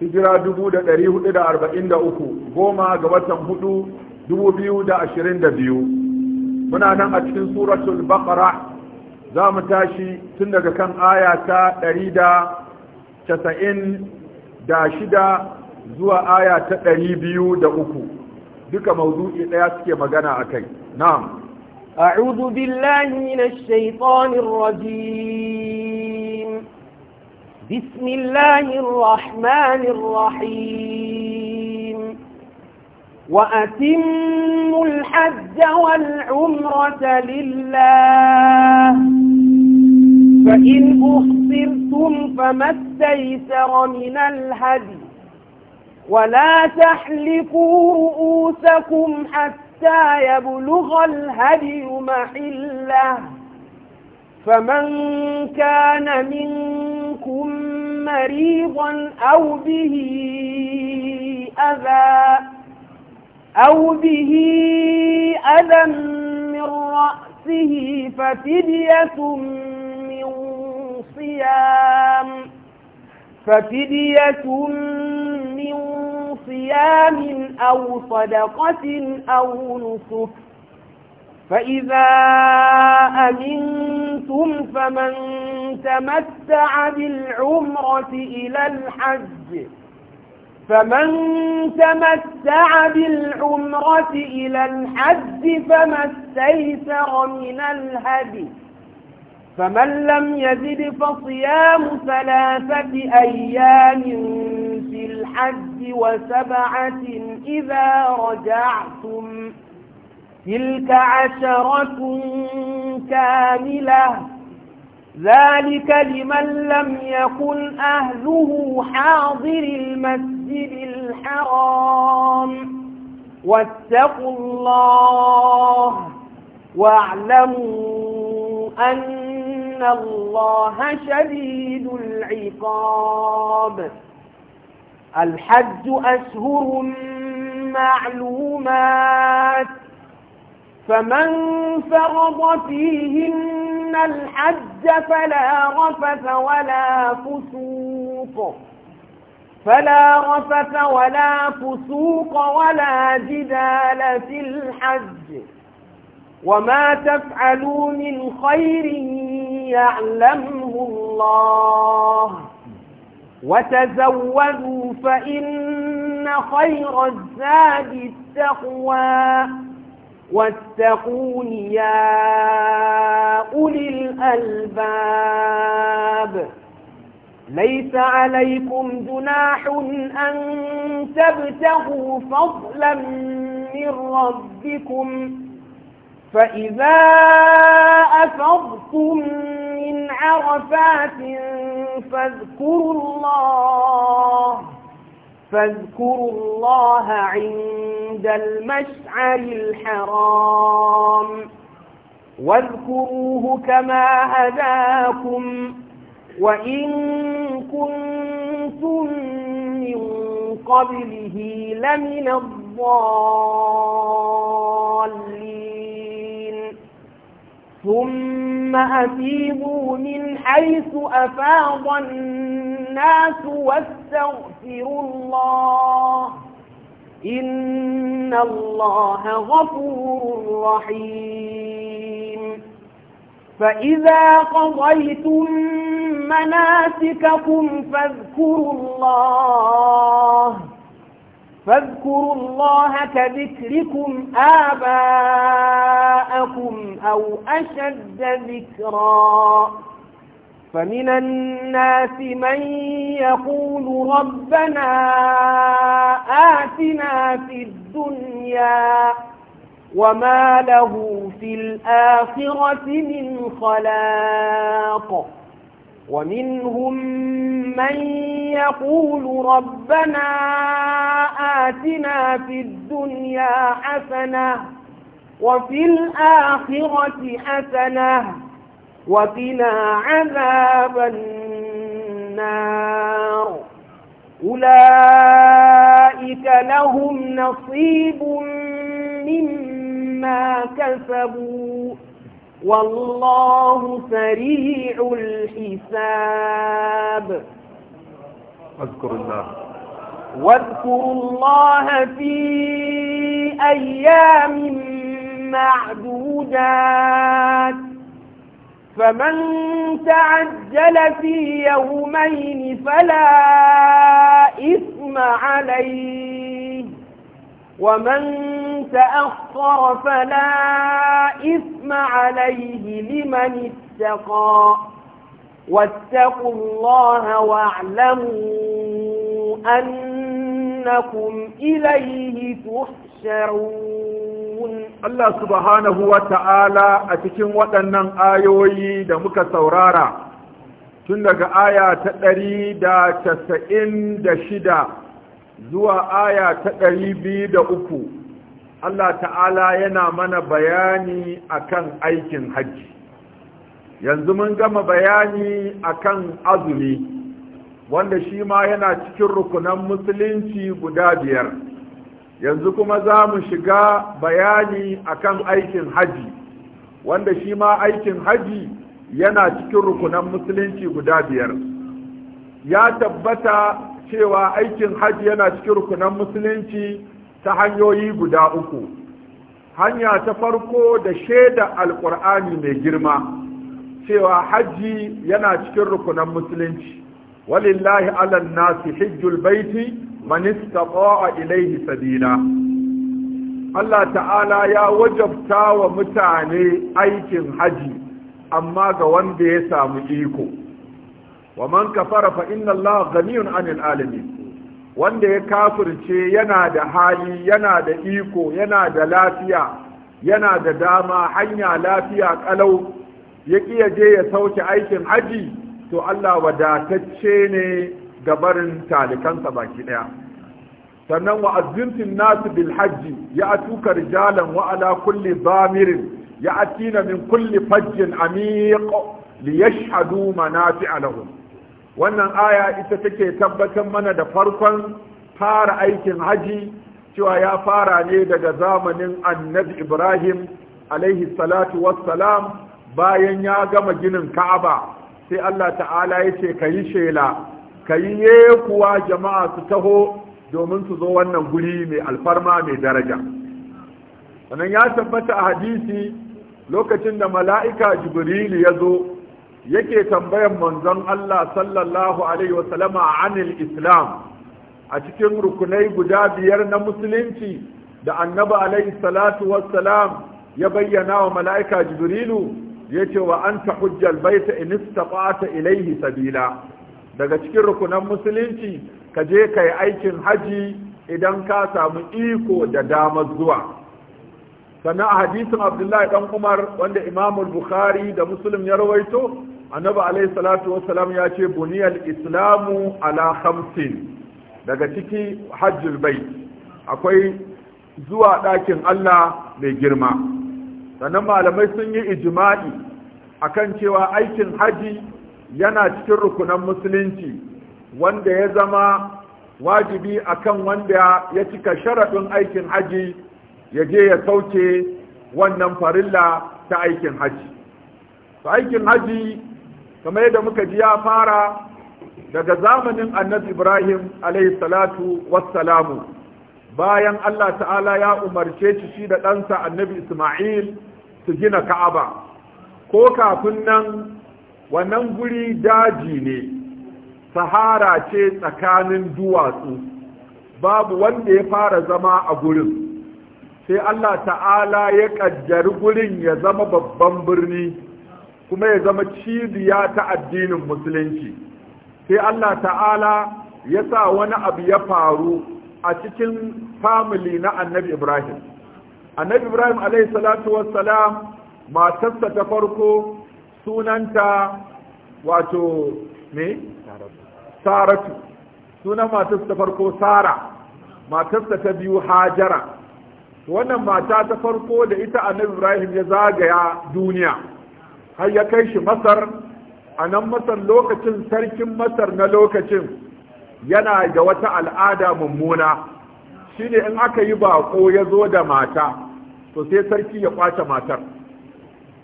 hijira uku goma ga watan hudu 2022 muna nan a cikin suratul baqara za mu tashi tun daga kan aya ta shida zuwa aya ta 203 duka mawdu'i ɗaya suke magana akai na'am a'udhu billahi minash shaitanir rajim بسم الله الرحمن الرحيم وأتموا الحج والعمرة لله فإن أخسرتم فما استيسر من الهدي ولا تحلقوا رؤوسكم حتى يبلغ الهدي محله فمن كان منكم مريضا أو به أذى أو به أذى من رأسه ففدية من صيام ففدية من صيام أو صدقة أو نسك فإذا أمنتم فمن تمتع بالعمرة إلى الحج فمن تمتع بالعمرة إلى الحج فما استيسر من الهدي فمن لم يزد فصيام ثلاثة أيام في الحج وسبعة إذا رجعتم تلك عشرة كاملة ذلك لمن لم يكن أهله حاضر المسجد الحرام واتقوا الله واعلموا أن الله شديد العقاب الحج أشهر معلومات فمن فرض فيهن الحج فلا رفث ولا فسوق فلا رفث ولا فسوق ولا جدال في الحج وما تفعلوا من خير يعلمه الله وتزودوا فإن خير الزاد التقوى واتقون يا أولي الألباب ليس عليكم جناح أن تبتغوا فضلا من ربكم فإذا أفضتم من عرفات فاذكروا الله فاذكروا الله عند المشعر الحرام واذكروه كما هداكم وإن كنتم من قبله لمن الضالين ثم أفيضوا من حيث أفاض الناس واستغفروا الله إن الله غفور رحيم فإذا قضيتم مناسككم فاذكروا الله فاذكروا الله كذكركم آباءكم أو أشد ذكرا فمن الناس من يقول ربنا آتنا في الدنيا وما له في الآخرة من خلاق ومنهم من يقول ربنا آتنا في الدنيا حسنة وفي الآخرة حسنة وقنا عذاب النار أولئك لهم نصيب مما كسبوا والله سريع الحساب اذكر الله واذكروا الله في أيام معدودات فمن تعجل في يومين فلا إثم عليه ومن تأخر فلا إثم عليه لمن اتقى واتقوا الله واعلموا أنكم إليه تحشرون الله سبحانه وتعالى أتكين وطنن آيوي دمك سورارا تندق آية تقريدا تسئن دشدا zuwa aya ta ɗari biyu da uku Allah ta'ala yana mana bayani akan aikin hajji yanzu mun gama bayani akan azumi wanda shi ma yana cikin rukunan musulunci guda biyar yanzu kuma za mu shiga bayani akan aikin hajji wanda shi ma aikin hajji yana cikin rukunan musulunci guda biyar ya tabbata cewa aikin hajji yana cikin rukunan musulunci ta hanyoyi guda uku hanya ta farko da shaida alkur'ani mai girma cewa hajji yana cikin rukunan musulunci walillahi alan nasi hijjul baiti man istata'a ilayhi sabila Allah ta'ala ya wajabta wa mutane aikin haji amma ga wanda ya samu iko wa man kafara fa inna allaha ghaniyun anil alamin wanda ya kafirce yana da hali yana da iko yana da lafiya yana da dama hanya lafiya kalau ya kiya je ya sauke aikin haji to Allah wadatacce ne ga barin talikansa baki daya sannan wa azzintin nasu bil hajji ya atuka rijalan wa ala kulli zamirin ya atina min kulli fajjin amiq liyashhadu manafi'a lahum wannan aya ita take tabbatar mana da farkon fara aikin haji cewa ya fara ne daga zamanin annabi ibrahim alaihi salatu wassalam bayan ya gama ginin ka'aba sai allah ta'ala ya ce ka yi shela ka yi kuwa jama'a su taho domin su zo wannan guri mai alfarma mai daraja sannan ya tabbata a hadisi lokacin da mala'ika jibrilu ya zo yake tambayan manzon Allah sallallahu alaihi wasallama anil islam a cikin rukunai guda biyar na musulunci da annabi alaihi salatu wassalam ya bayyana wa mala'ika jibrilu yace wa anta hujjal baita in istata'ta ilaihi sabila daga cikin rukunan musulunci ka je kai aikin haji idan ka samu iko da damar zuwa sannan a hadisin abdullahi dan umar wanda imamul bukhari da muslim ya rawaito annabi alaihi salatu wassalam ya ce buniyal islamu ala khamsin daga ciki hajjul bait akwai zuwa ɗakin Allah mai girma sannan malamai sun yi ijma'i akan cewa aikin haji yana cikin rukunan musulunci wanda ya zama wajibi akan wanda ya cika sharaɗin aikin haji ya je ya sauke wannan farilla ta aikin haji to aikin haji kamar yadda muka ji ya fara daga zamanin annabi ibrahim alaihi salatu wassalamu bayan allah ta'ala ya umarce shi shi da ɗansa annabi isma'il su gina ka'aba ko kafin nan wannan guri daji ne sahara ce tsakanin duwatsu babu wanda ya fara zama a gurin sai Allah ta'ala ya kaddari gurin ya zama babban birni kuma ya zama cibiya ta addinin musulunci sai Allah ta'ala ya sa wani abu ya faru a cikin family na annabi Ibrahim annabi Ibrahim alaihi salatu wassalam matarsa ta farko sunanta wato ne saratu sunan matarsa ta farko sara matarsa ta biyu hajara to wannan mata ta farko da ita annabi ibrahim ya zagaya duniya har ya kai shi masar a nan masar lokacin sarkin masar na lokacin yana da wata al'ada mummuna shine in aka yi bako ya zo da mata to sai sarki ya kwace matar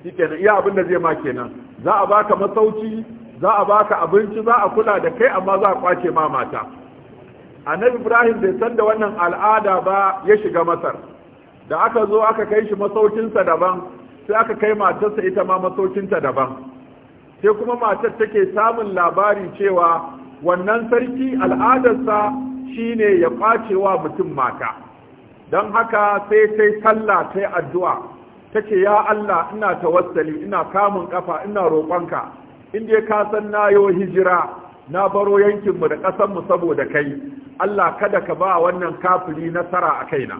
shi kenan iya abin da zai ma kenan za a baka masauki za a baka abinci za a kula da kai amma za a kwace ma mata annabi ibrahim bai san da wannan al'ada ba ya shiga masar da aka zo aka kai shi masaukinsa daban sai aka kai matarsa ita ma masaukinta daban sai kuma matar take samun labari cewa wannan sarki al'adarsa shine ya wa mutum mata don haka sai sai sallah sai addu'a ta ce ya Allah ina tawassali ina kamun kafa ina roƙonka inda kasan na yi hijira na baro yankinmu da ƙasanmu saboda kai Allah kada ka ba wannan kafiri nasara a kaina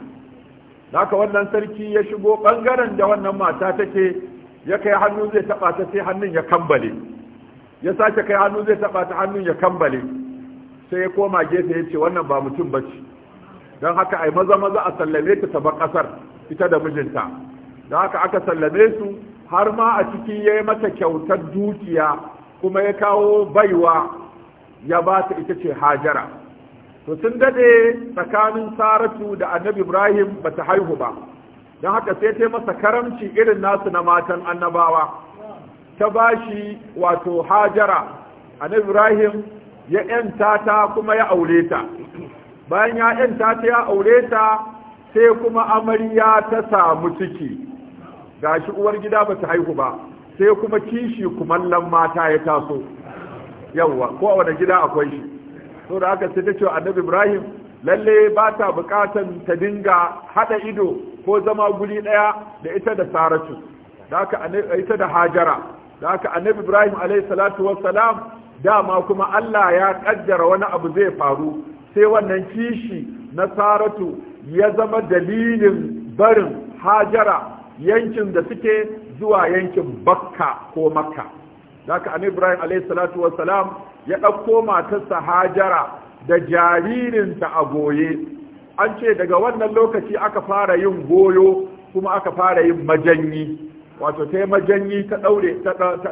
haka wannan sarki ya shigo ɓangaren da wannan mata take ya kai hannu zai taba ta sai hannun ya kambale ya sake kai hannu zai taba ta hannun ya kambale sai ya koma gefe ya ce wannan ba mutum ba ce don haka ai maza maza a sallame ta ta kasar ita da mijinta don haka aka sallame su har ma a ciki ya yi mata kyautar dukiya kuma ya kawo baiwa ya ba ta ita ce hajara to sun dade tsakanin saratu da annabi ibrahim ba ta haihu ba don haka sai ta masa karamci irin nasu na matan annabawa ta ba shi wato hajara annabi ibrahim ya yanta ta kuma ya aure ta bayan ya yanta ta ya aure ta sai kuma amarya ta samu ciki gashi uwar gida ba ta haihu ba sai kuma kishi kumallon mata ya taso yawwa ko a wani gida akwai shi so da aka sai ta cewa annabi ibrahim lalle ba ta bukatan ta dinga hada ido ko zama guri daya da ita da saratu da aka ita da hajara da aka annabi ibrahim alayhi salatu wassalam dama kuma allah ya kaddara wani abu zai faru sai wannan kishi na saratu ya zama dalilin barin hajara yankin da suke zuwa yankin bakka ko makka zaka an ibrahim alayhi salatu wassalam ya ɗauko matarsa hajara da jaririnta a goye an ce daga wannan lokaci aka fara yin goyo kuma aka fara yin majanyi wato ta yi majanyi ta ɗaure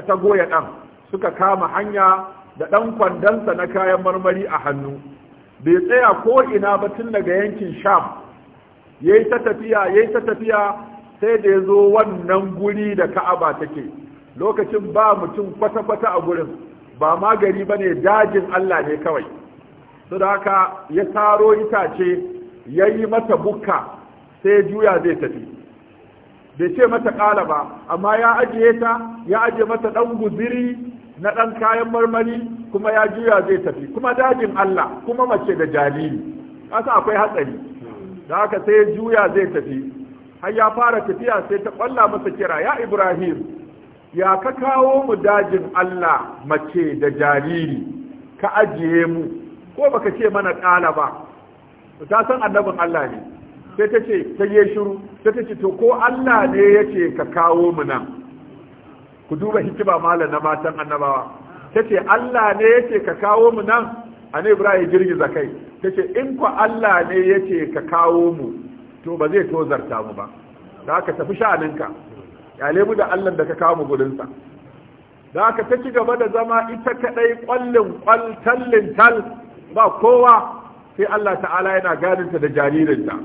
ta goya ɗan suka kama hanya da ɗan kwandonsa na kayan marmari a hannu bai tsaya ko ina ba tun daga yankin sham ya ta tafiya ya yi ta tafiya sai da ya zo wannan guri da ka'aba take lokacin ba mutum kwata-kwata a gurin ba ma ba ne dajin Allah ne kawai su da haka ya taro itace ya yi mata bukka sai juya zai tafi bai ce mata ƙala ba amma ya ajiye ta ya ajiye mata ɗan guziri na ɗan kayan marmari kuma ya juya zai tafi kuma dajin Allah kuma mace da jariri kasa akwai hatsari da haka sai juya zai tafi har ya fara tafiya sai ta ƙwalla masa kira ya ibrahim ya ka kawo mu dajin Allah mace da jariri ka ajiye mu ko baka ce mana ƙala ba ta san annabin Allah ne sai ta ce ta yi shiru sai ta ce to ko Allah ne ya ce ka kawo mu nan ku duba hikima malam na matan annabawa ta ce Allah ne ya ce ka kawo mu nan an Ibrahim girgiza kai ta ce in ku Allah ne ya ce ka kawo mu to ba zai tozarta mu ba da ka tafi sha'aninka kyale mu da Allah da ka kawo mu gurinsa da aka ta ci gaba da zama ita kadai kwallin kwal tallin tal ba kowa sai Allah ta'ala yana gadinta da jaririnta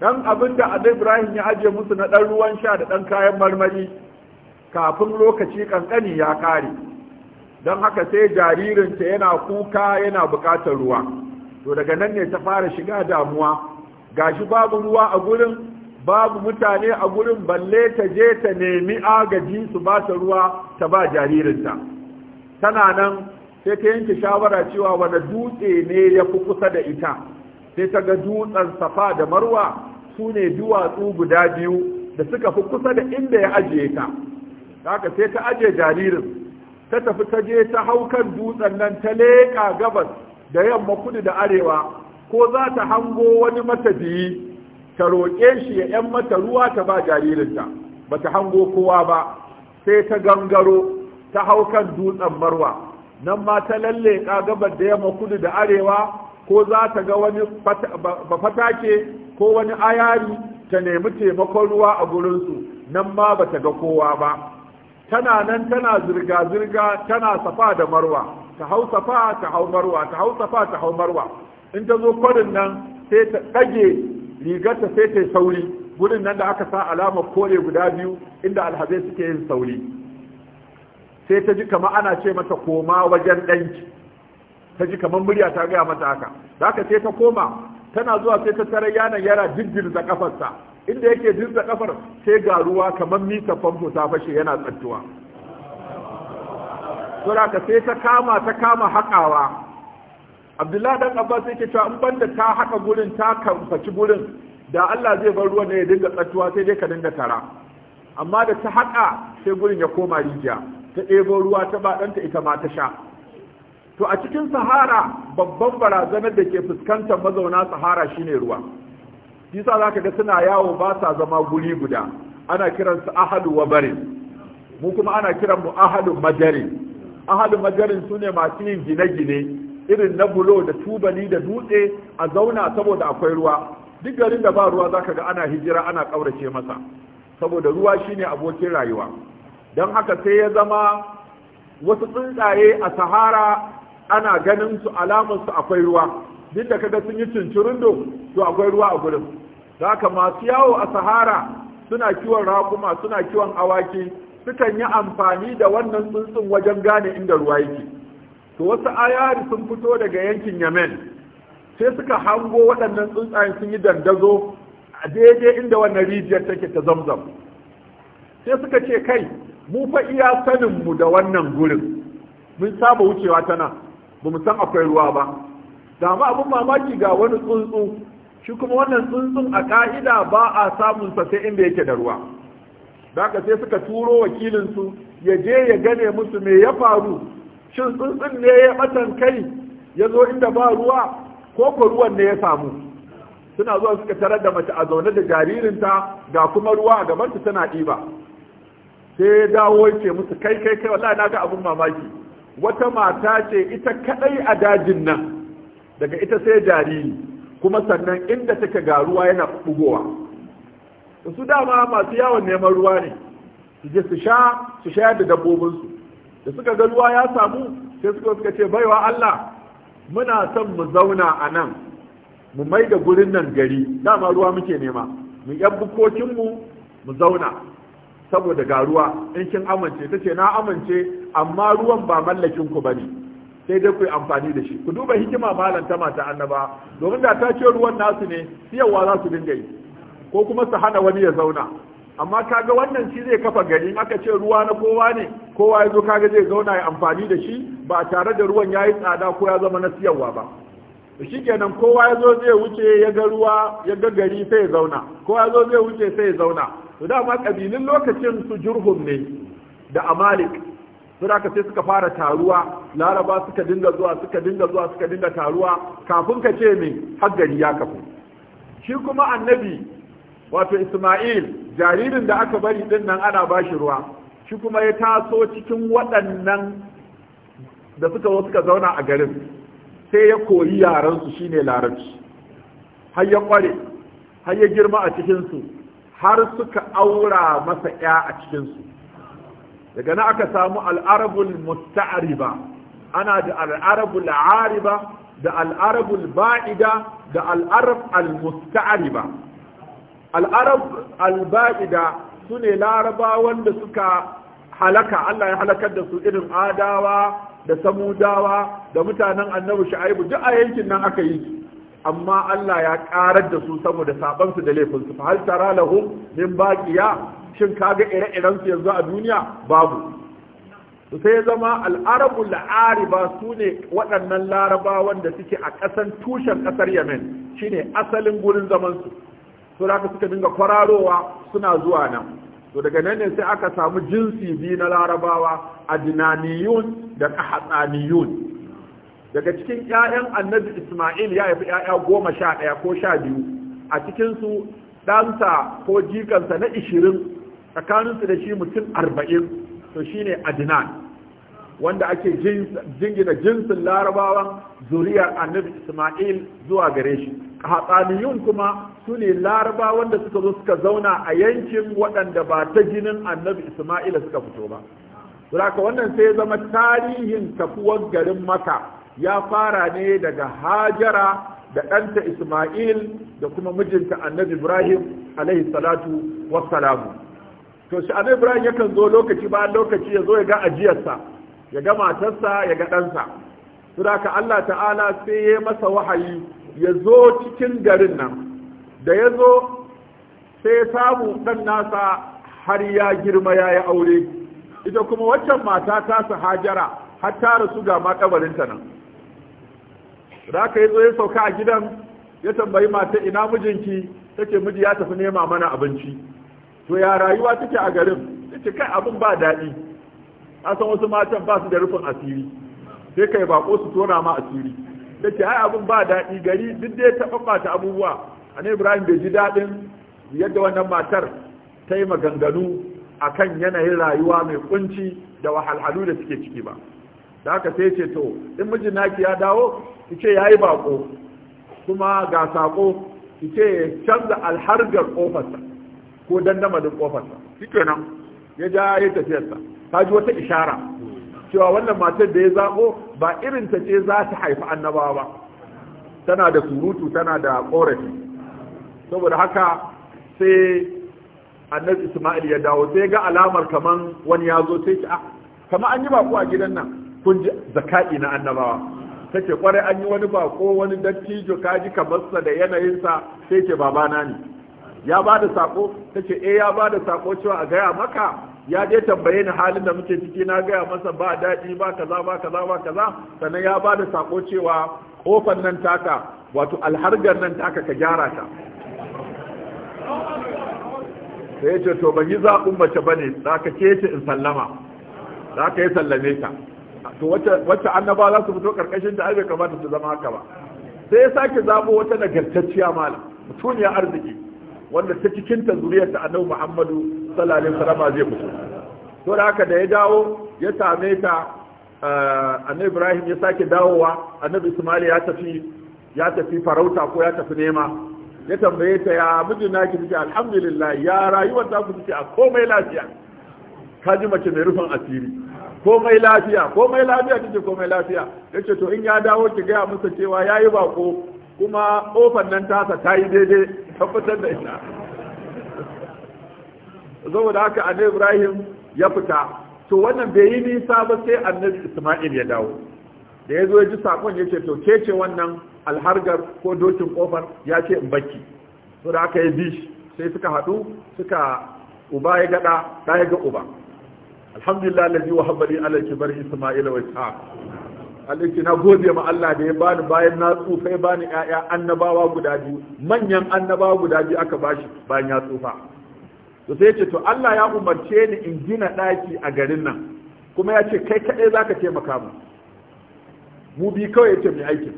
dan da Adi Ibrahim ya aje musu na dan ruwan sha da dan kayan marmari kafin lokaci kankani ya kare don haka sai jaririnta yana kuka yana bukatar ruwa to daga nan ne ta fara shiga damuwa gashi babu ruwa a gurin babu mutane a gurin balle ta je ta nemi agaji su ba ta ruwa ta ba jaririnta tana nan sai ta yanke shawara cewa wani dutse ne ya fi kusa da ita sai ta ga dutsen safa da marwa su ne duwatsu guda biyu da suka fi kusa da inda ya ajiye ta haka sai ta ajiye jaririn ta tafi ta je ta hau kan dutsen nan ta leƙa gabas da yamma kudu da arewa ko za ta hango wani matafiyi ta roƙe shi ya ‘yan mata ruwa ta ba jaririnta ba ta hango kowa ba sai ta gangaro ta hau kan dutsen marwa nan ma ta lalle gaba da yamma kudu da arewa ko za ta ga wani bafatake ko wani ayari ta nemi taimakon ruwa a gurinsu nan ma ba ta ga kowa ba tana nan tana zirga-zirga tana safa da marwa ta hau safa ta hau marwa ta hau safa ta hau marwa in ta zo kwarin nan sai ta ɗage rigarta sai ta yi sauri gudun nan da aka sa alamar kore guda biyu inda alhazai suke yin sauri sai ta ji kama ana ce mata koma wajen ɗanki ta ji kamar murya ta gaya mata haka da aka sai ta koma tana zuwa sai ta tarar yanan yara da kafarsa inda yake da kafar sai ga ruwa kamar mita famfo ta fashe yana tsattuwa ka sai ta kama ta kama haƙawa abdullahi dan abbas yake cewa in banda ta haka gurin ta kamfaci gurin da Allah zai bar ruwan ne ya dinga tsattuwa sai dai ka dinga tara amma da ta haka sai gurin ya koma rijiya ta ɗebo ruwa ta ba ɗanta ita ma ta sha to a cikin sahara babban barazanar da ke fuskantar mazauna sahara shine ruwa yasa zaka ga suna yawo ba sa zama guri guda ana kiran su ahalu wa bare mu kuma ana kiran mu ahalu majari ahalu majarin sune masu yin gine-gine irin na bulo da tubali da dutse a zauna saboda akwai ruwa duk garin da ba ruwa zaka ga ana hijira ana kaurace masa saboda ruwa shine abokin rayuwa don haka sai ya zama wasu tsuntsaye a sahara ana ganin su alamar su akwai ruwa duk da kaga sun yi cincirindo to akwai ruwa a gurin zaka masu yawo a sahara suna kiwon raƙuma suna kiwon awaki sukan yi amfani da wannan tsuntsun wajen gane inda ruwa yake to wasu ayari sun fito daga yankin yamen sai suka hango waɗannan tsuntsayen sun yi dandazo a daidai inda wannan rijiyar take ta zamzam sai suka ce kai mu fa iya sanin mu da wannan gurin mun saba wucewa tana, ba mu san akwai ruwa ba da ma abin mamaki ga wani tsuntsu shi kuma wannan tsuntsun a ka'ida ba a samun sa sai inda yake da ruwa da sai suka turo wakilinsu ya je ya gane musu me ya faru shin tsuntsun ne ya matan kai ya zo inda ba ruwa ko ko ruwan ne ya samu suna zuwa suka tarar da mace a zaune da jaririnta ga kuma ruwa a su tana ɗiba sai ya dawo yake musu kai kai kai wallahi na ga abin mamaki wata mata ce ita kadai a dajin nan daga ita sai jariri kuma sannan inda take ga ruwa yana bugowa su dama masu yawon neman ruwa ne su je su sha su shayar da dabbobinsu da suka ga ruwa ya samu sai suka suka ce baiwa Allah muna son mu zauna a nan mu mai da gurin nan gari dama ruwa muke nema mu yan bukokinmu mu zauna saboda ga ruwa in kin amince ta ce na amince amma ruwan ba mallakin ku bane sai dai ku yi amfani da shi ku duba hikima malam ta mata annaba domin da ta ce ruwan nasu ne siyarwa za su dinga yi ko kuma su hana wani ya zauna amma kaga wannan shi zai kafa gari aka ce ruwa na kowa ne kowa ya zo kaga zai zauna ya amfani da shi ba tare da ruwan ya yi tsada ko ya zama na siyarwa ba shi kenan kowa ya zo zai wuce ya ga ruwa ya ga gari sai ya zauna kowa ya zo zai wuce sai ya zauna to dama kabilin lokacin su jurhum ne da amalik su da sai suka fara taruwa laraba suka dinga zuwa suka dinga zuwa suka dinga taruwa kafin ka ce me har gari ya kafu shi kuma annabi wato isma'il jaririn da aka bari din nan ana bashi ruwa shi kuma ya taso cikin waɗannan da suka zo suka zauna a garin sai ya koyi yaransu shine larabci har ya kware har ya girma a cikinsu har suka aura masa ya a cikinsu daga na aka samu al'arabul musta'ariba ana da al'arabul ariba da al'arabul ba'ida da al'arab al-musta'ariba al'arab al-ba'ida su ne larabawan da suka halaka Allah ya halakar da su irin adawa da samudawa da mutanen annabi shu'aibu duk a yankin nan aka yi amma Allah ya karar da su saboda saban su da laifin su fa hal tara lahum min baqiya shin kaga ire-iren su yanzu a duniya babu sai zama al'arabu la'ariba su ne waɗannan larabawan da suke a ƙasan tushen ƙasar yemen shine asalin gurin zaman su to da suka dinga kwararowa suna zuwa nan to daga nan ne sai aka samu jinsi biyu na larabawa adnaniyun da qahtsaniyun daga cikin 'ya'yan annabi isma'il ya haifi ƴaƴa goma sha ɗaya ko sha biyu a cikinsu ɗansa ko jikansa na ishirin tsakaninsu da shi mutum arba'in to shine adnan wanda ake jingina jinsin larabawan zuriyar annabi isma'il zuwa gare shi hatsaniyun kuma sune ne laraba wanda suka zo suka zauna a yankin waɗanda ba ta jinin annabi isma'ila suka fito ba Suraka wannan sai zama tarihin kafuwar garin maka ya fara ne daga hajara da ɗanta isma'il da kuma mijinta annabi ibrahim alaihi salatu wassalamu to shi annabi ibrahim yakan zo lokaci bayan lokaci ya zo ya ga ajiyarsa ya ga matarsa ya ga ɗansa saboda Allah ta'ala sai ya masa wahayi ya zo cikin garin nan da ya zo sai ya samu ɗan nasa har ya girma ya yi aure ita kuma waccan mata ta su hajara har ta rasu ga maƙabarinta nan da ka yi zo ya sauka a gidan ya tambayi mata ina mijinki ta miji ya tafi nema mana abinci to ya rayuwa take a garin take kai abin ba daɗi kasan san wasu matan ba su da rufin asiri sai kai bako su tona ma asiri da ke ai abin ba daɗi gari duk dai ta ɓaɓɓata abubuwa ne ibrahim bai ji daɗin yadda wannan matar ta yi maganganu a kan yanayin rayuwa mai kunci da wahalhalu da suke ciki ba da haka sai ce to in mijin naki ya dawo ki ce yayi bako kuma ga sako ki ce canza alhargar kofarsa ko dandamalin kofarsa kenan ya ja ya tafiyarsa ta ji wata ishara cewa wannan matar da ya zaɓo ba irin ta ce za ta haifi annabawa ba tana da surutu tana da ƙorafi saboda haka sai annabi isma'il ya dawo sai ga alamar kaman wani ya zo sai ta ah, kama an yi baƙo a gidan nan kun ji zaka'i na annabawa ta ce ƙwarai an yi wani baƙo, wani dattijo ka kaji kamarsa da yanayinsa sai ce babana ne ya ba da saƙo ta ce eh ya ba da saƙo cewa a gaya maka ya je tambaye ni halin da muke ciki na gaya masa ba daɗi ba kaza ba kaza ba kaza sannan ya ba da sako cewa kofar nan taka wato alhargar nan taka ka gyara ta sai ya ce to ban yi zaɓin mace ba ne za ka kece in sallama za ka yi sallame ta to wacce annaba za su fito ƙarƙashin ta ai bai kamata su zama haka ba sai ya sake zaɓo wata nagartacciya malam ya arziki wanda ta cikin ta zuriyar ta annabi muhammadu sallallahu alaihi zai fito to da haka da ya dawo ya same ta annabi Ibrahim ya sake dawowa annabi Ismail ya tafi ya tafi farauta ko ya tafi nema ya tambaye ta ya na ki take alhamdulillah ya rayuwar ta ku take a komai lafiya kaji mace mai rufin asiri komai lafiya komai lafiya take komai lafiya yace to in ya dawo ki gaya masa cewa yayi bako kuma kofar nan tasa ta yi daidai tabbatar da ita saboda haka annabi ibrahim ya fita to wannan bai yi nisa ba sai annabi isma'il ya dawo da ya zo ya ji sakon ya ce to ke ce wannan alhargar ko dokin kofar ya ce in baki to da aka yi bi sai suka haɗu suka uba ya gaɗa ta ya ga uba alhamdulillah lalzi wa habbali ala kibar isma'il wa ishaq aliki na gode ma Allah da ya bani bayan na tsufa ya bani ƴaƴa annabawa guda biyu manyan annabawa guda biyu aka bashi bayan ya tsufa to sai ce to Allah ya umarce ni in gina daki a garin nan kuma yace kai kaɗai zaka taimaka mu mu bi kawai yace ce mai aikin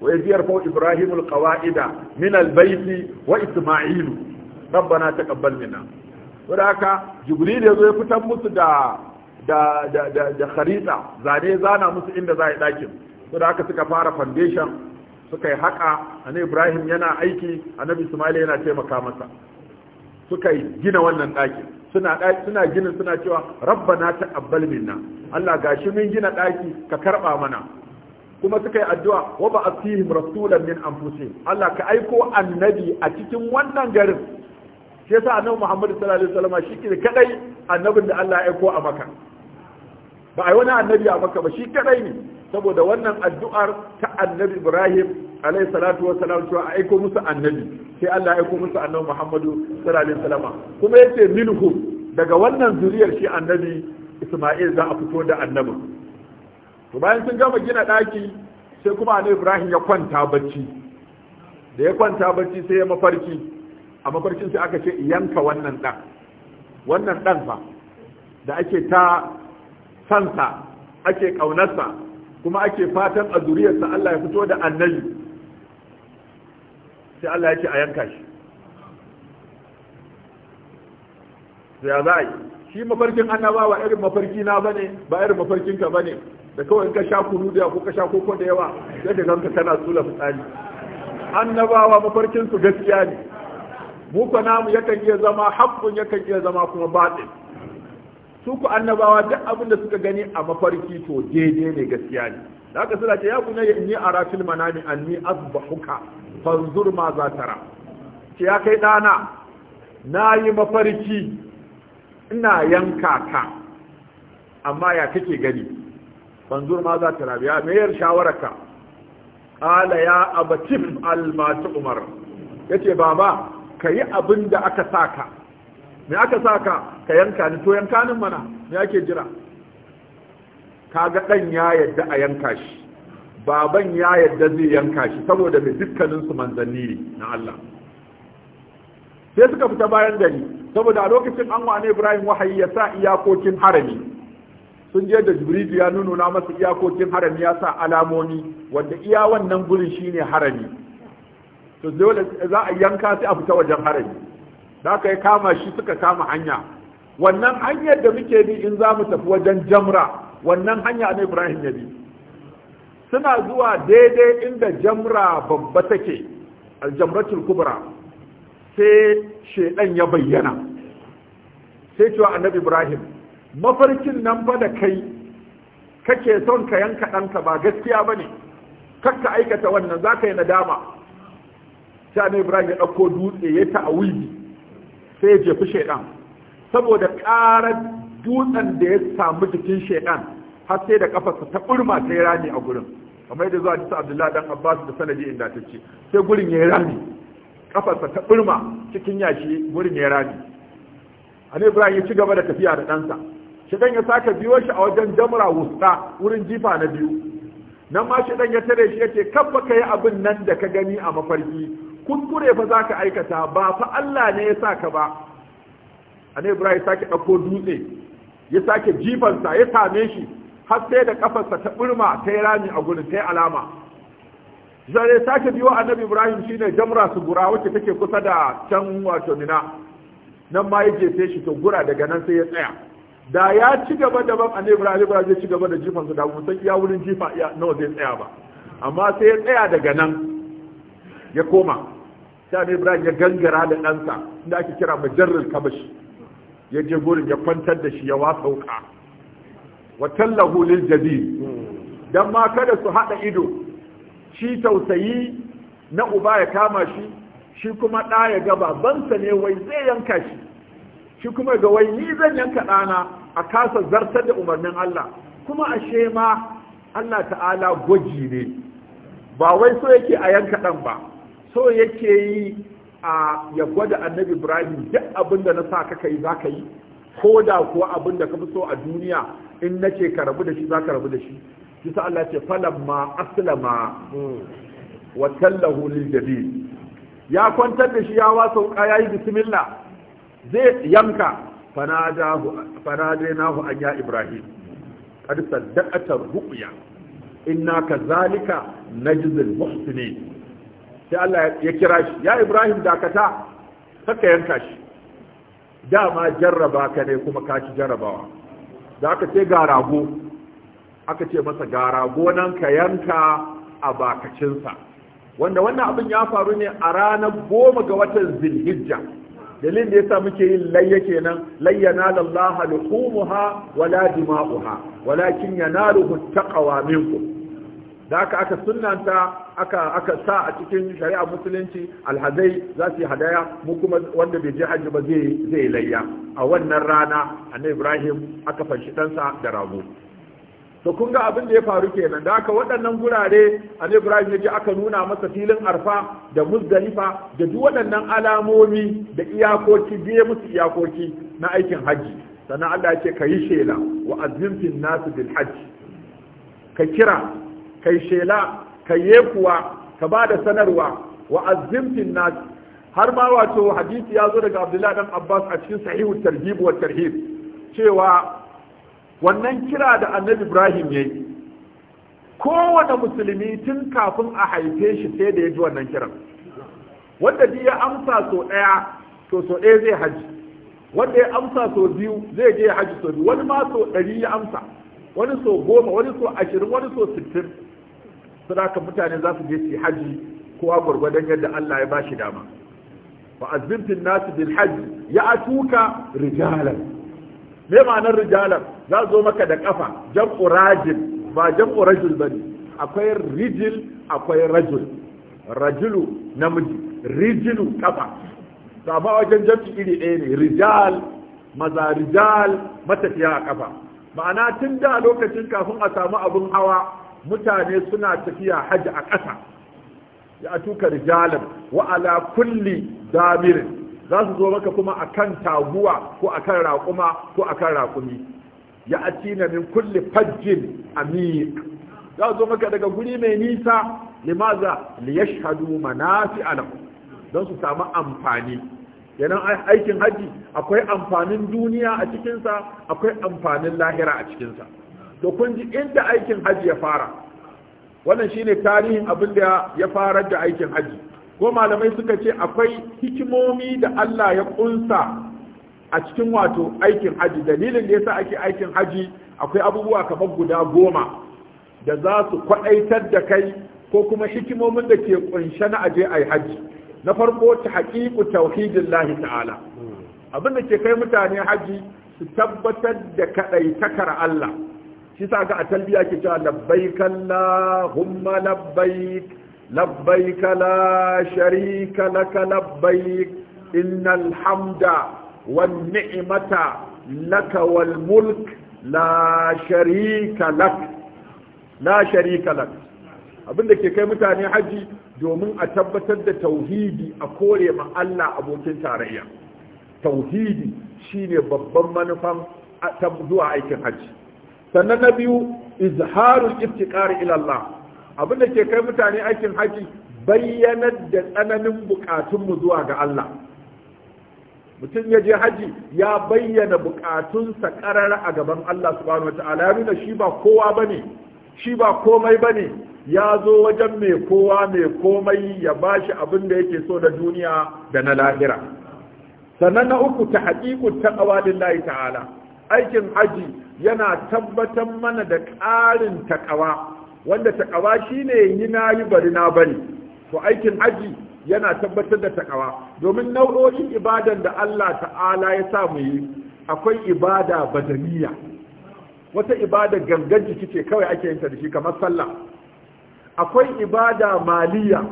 wa ya ziyar fau ibrahim qawaida min albaiti wa isma'ilu rabbana taqabbal minna wadaka jibril yazo ya fitar musu da da da da, kharita zane zana musu inda za a yi ɗakin da haka suka fara foundation suka yi haka annabi ibrahim yana aiki annabi isma'il yana taimaka masa suka gina wannan ɗaki suna suna ginin suna cewa rabbana taqabbal minna Allah gashi mun gina ɗaki ka karba mana kuma suka yi addu'a wa ba asihim rasulan min anfusihim Allah ka aiko annabi a cikin wannan garin shi yasa annabi Muhammad sallallahu alaihi wasallam shi kadai annabin da Allah ya aiko a Makka ba ai wani annabi a Makka ba shi kadai ne saboda wannan addu'ar ta annabi Ibrahim alayhi salatu wa salam cewa a aiko musu annabi sai Allah ya aiko musu annabi Muhammadu sallallahu alaihi wasallam kuma yace minhum daga wannan zuriyar shi annabi Isma'il za a fito da annabi to bayan sun gama gina daki sai kuma annabi Ibrahim ya kwanta bacci da ya kwanta bacci sai ya mafarki a mafarkin sai aka ce yanka wannan dan wannan dan fa da ake ta sansa ake kaunarsa kuma ake fatan a zuriyarsa Allah ya fito da annabi sai Allah ya ce a yanka shi sai ya zai shi mafarkin annabawa irin mafarki na bane ba irin mafarkin ka bane da kawai in ka sha kunu da ko ka sha koko da yawa sai da ganka kana tsula fitsari annabawa mafarkin su gaskiya ne mu ko namu yakan iya zama haƙƙun yakan iya zama kuma batin su ku annabawa duk abin da suka gani a mafarki to daidai ne gaskiya ne da haka suna ce ya kunayya ni a rafil manami anni asbahuka fanzur ma za tara ce ya kai ɗana na yi mafarki ina yanka ka amma ya kake gani fanzur ma za tara biya mayar shawararka ƙala ya abatif almatu umar ya ce baba ka yi abin da aka saka me aka saka ka yanka ni to yankanin mana me ake jira Ka ga ɗan ya yadda a yanka shi baban ya yadda zai yanka shi saboda mai dukkaninsu manzanni ne na Allah sai suka fita bayan gari saboda a lokacin an wane Ibrahim wahayi ya sa iyakokin harami sun je da Jibril ya nuna masa iyakokin harami ya sa alamomi wanda iya wannan gurin shine harami to dole za a yanka sai a fita wajen harami da aka yi kama shi suka kama hanya wannan hanyar da muke bi in za mu tafi wajen jamra wannan hanya ne Ibrahim ya bi suna zuwa daidai inda jamra babba take aljamratul kubra sai shedan ya bayyana sai cewa annabi ibrahim mafarkin nan fa da kai kake son ka yanka ɗanka ba gaskiya ba ne kakka aikata wannan za ka yi nadama sai annabi ibrahim ya ɗauko dutse ya ta'awili sai ya jefi shedan saboda ƙarar dutsen da ya samu jikin shedan har sai da kafarsa ta burma ta rami a gurin kamar yadda zuwa ta abdullahi dan abbas da sanadi inda ta ce sai gurin ya rami kafarsa ta burma cikin yashi gurin ya rami ali ibrahim ya ci gaba da tafiya da ɗansa shidan ya sake biyo shi a wajen jamra wusta wurin jifa na biyu nan ma shidan ya tare shi yace kan ka yi abin nan da ka gani a mafarki kuskure fa zaka aikata ba fa Allah ne ya saka ba ali ibrahim sake ɗauko dutse ya sake jifansa ya same shi har sai da kafarsa ta burma ta yi rami a gurin ta yi alama zare sake biyo annabi ibrahim shine jamra su gura wacce take kusa da can wato nina nan ma ya jefe shi to gura daga nan sai ya tsaya da ya ci gaba da ban annabi ibrahim ibrahim ya ci gaba da jifansa da mu san iya wurin jifa iya nawa zai tsaya ba amma sai ya tsaya daga nan ya koma sai annabi ibrahim ya gangara da ɗansa inda ake kira majarrul kabashi ya je gurin ya kwantar da shi ya wasa wuka wa tallahu lil jadid hmm. dan ma kada su hada ido shi tausayi na uba ya kama shi shi kuma da ya ban babansa ne wai zai yanka shi shi kuma ga wai ni zan yanka ɗana a kasa zartar da umarnin Allah kuma ashe ma Allah ta'ala gwaji ne ba wai so yake a yanka ɗan ba so yake yi a ya gwada annabi ibrahim duk abinda na sa kaka yi za yi ko da kuwa abinda ka fi so a duniya in na ce ka rabu da shi za ka rabu da shi kisa Allah ce falamma aslama wa tallahu lil jabin ya kwantar da shi ya wasa wuka yayi bismillah zai yanka fanadahu fanadainahu an ya ibrahim qad saddaqata ruqya inna kadhalika najzil muhsinin sai Allah ya kira shi ya ibrahim dakata kaka yanka shi dama jarraba ka ne kuma ka ci jarrabawa da aka ce ga rago aka ce masa ga rago nan ka yanka a bakacinsa wanda wannan abin ya faru ne a ranar goma ga watan zilhijja dalilin da yasa muke yin layya kenan layyana lallaha luhumuha wala dima'uha walakin yanaluhu taqwa minkum da aka aka sunanta aka aka sa a cikin shari'a musulunci alhazai za su yi hadaya mu kuma wanda bai je hajji ba zai zai layya a wannan rana annabi Ibrahim aka fanshi ɗansa da rago to kun ga abin da ya faru kenan da aka waɗannan gurare annabi Ibrahim ya je aka nuna masa filin arfa da muzdalifa da duk waɗannan alamomi da iyakoki biye musu iyakoki na aikin hajji sannan Allah ya ce ka yi shela wa azimfin nasu bil hajj ka kira kai shela kai yekuwa ka ba da sanarwa wa azzimtin nas har ma wato hadisi ya zo daga Abdullahi dan Abbas a cikin sahihu tarhib wa tarhib cewa wannan kira da Annabi Ibrahim yayi kowane musulmi tun kafin a haife shi sai da ya ji wannan kiran wanda ya amsa so ɗaya to so ɗaya zai haji wanda ya amsa so biyu zai je haji so biyu wani ma so ɗari ya amsa wani so goma wani so ashirin wani so sittin sadaka mutane za su je su haji kowa gwargwadon yadda Allah ya bashi dama fa azbintin nasu bin haji ya tuka rijalar me ma'anar rijalar za zo maka da kafa jam'u rajul ba jam'u ba bane akwai rijil akwai rajul rajulu namiji rijilu kafa to wajen jam'i iri ɗaya ne rijal maza rijal matafiya a kafa ma'ana tun da lokacin kafin a samu abin hawa mutane suna tafiya hajji a ƙasa ya tuka rijalan wa ala kulli damirin za su zo maka kuma akan taguwa ko akan raƙuma ko akan raƙumi ya atina min kulli fajjin amir za su zo maka daga guri mai nisa limaza li yashhadu manafi alam don su samu amfani yanan aikin haji akwai amfanin duniya a cikinsa akwai amfanin lahira a cikinsa Da kun ji inda aikin hajji ya fara wannan shine tarihin abin da ya fara da aikin hajji ko malamai suka ce akwai hikimomi da Allah ya kunsa a cikin wato aikin hajji dalilin da yasa ake aikin hajji akwai abubuwa kamar guda goma da za su kwaɗaitar da kai ko kuma hikimomin da ke kunshe na aje ai hajji na farko ta haƙiƙu tauhidillahi ta'ala abin da ke kai mutane hajji su tabbatar da kaɗaitakar Allah shi sa ga a talbiya ke cewa labbaik Allahumma labbaik labbaik sharika laka labbaik innal hamda wan ni'mata laka wal mulk la sharika lak la sharika lak abinda ke kai mutane haji domin a tabbatar da tauhidi a kore ma Allah abokin tarayya tauhidi shine babban manufan zuwa aikin haji sannan na biyu izharu iftiqar ila Allah abin da ke kai mutane aikin haji bayyanar da tsananin bukatunmu zuwa ga Allah mutum ya je haji ya bayyana bukatunsa karara a gaban Allah subhanahu wataala ya nuna shi ba kowa bane shi ba komai bane ya zo wajen mai kowa mai komai ya bashi abin da yake so da duniya da na lahira sannan na uku ta haƙiƙu ta ƙawalillahi ta'ala aikin haji yana tabbatar mana da ƙarin takawa wanda takawa shine yi na yi bari na bari to aikin haji yana tabbatar da takawa domin nau'o'in ibadan da Allah ta'ala ya sa mu yi akwai ibada badaniya wata ibada gangan jiki ce kawai ake yin ta da shi kamar sallah akwai ibada maliya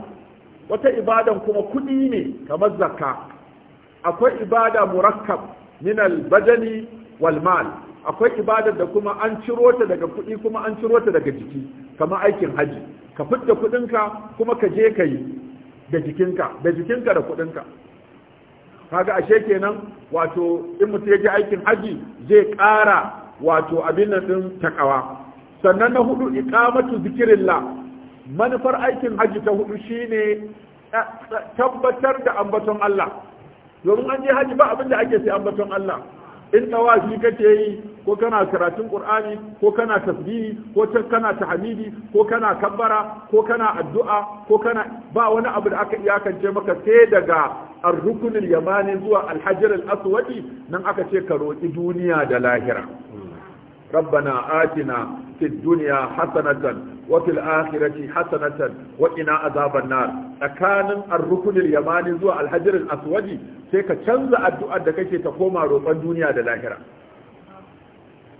wata ibadan kuma kudi ne kamar zakka akwai ibada murakkab min al-badani Walmal, akwai ibadar da kuma an ciro ta daga kuɗi kuma an ciro ta daga jiki kamar aikin haji ka fitta kuɗinka kuma ka je ka yi da jikinka da jikinka da kuɗinka kaga ashe kenan wato in mutum ya je aikin haji zai ƙara wato abin nan ɗin takawa sannan na hudu iqamatu zikirillah manufar aikin haji ta hudu shine eh, tabbatar da ambaton Allah domin an je haji ba abin da ake sai ambaton Allah in tawafi kake yi ko kana karatun qur'ani ko kana tasbihi ko kana tahmidi ko kana kabbara ko kana addu'a ko kana ba wani abu da aka iyakance maka sai daga ar-rukn al-yamani zuwa al-hajar al-aswad nan aka ce ka roki duniya da lahira hmm. rabbana atina fid dunya hasanatan wa fil akhirati hasanatan wa qina azaban nar tsakanin ar-rukn al-yamani zuwa al-hajar al-aswadi sai ka canza addu'ar da kake ta koma roƙon duniya da lahira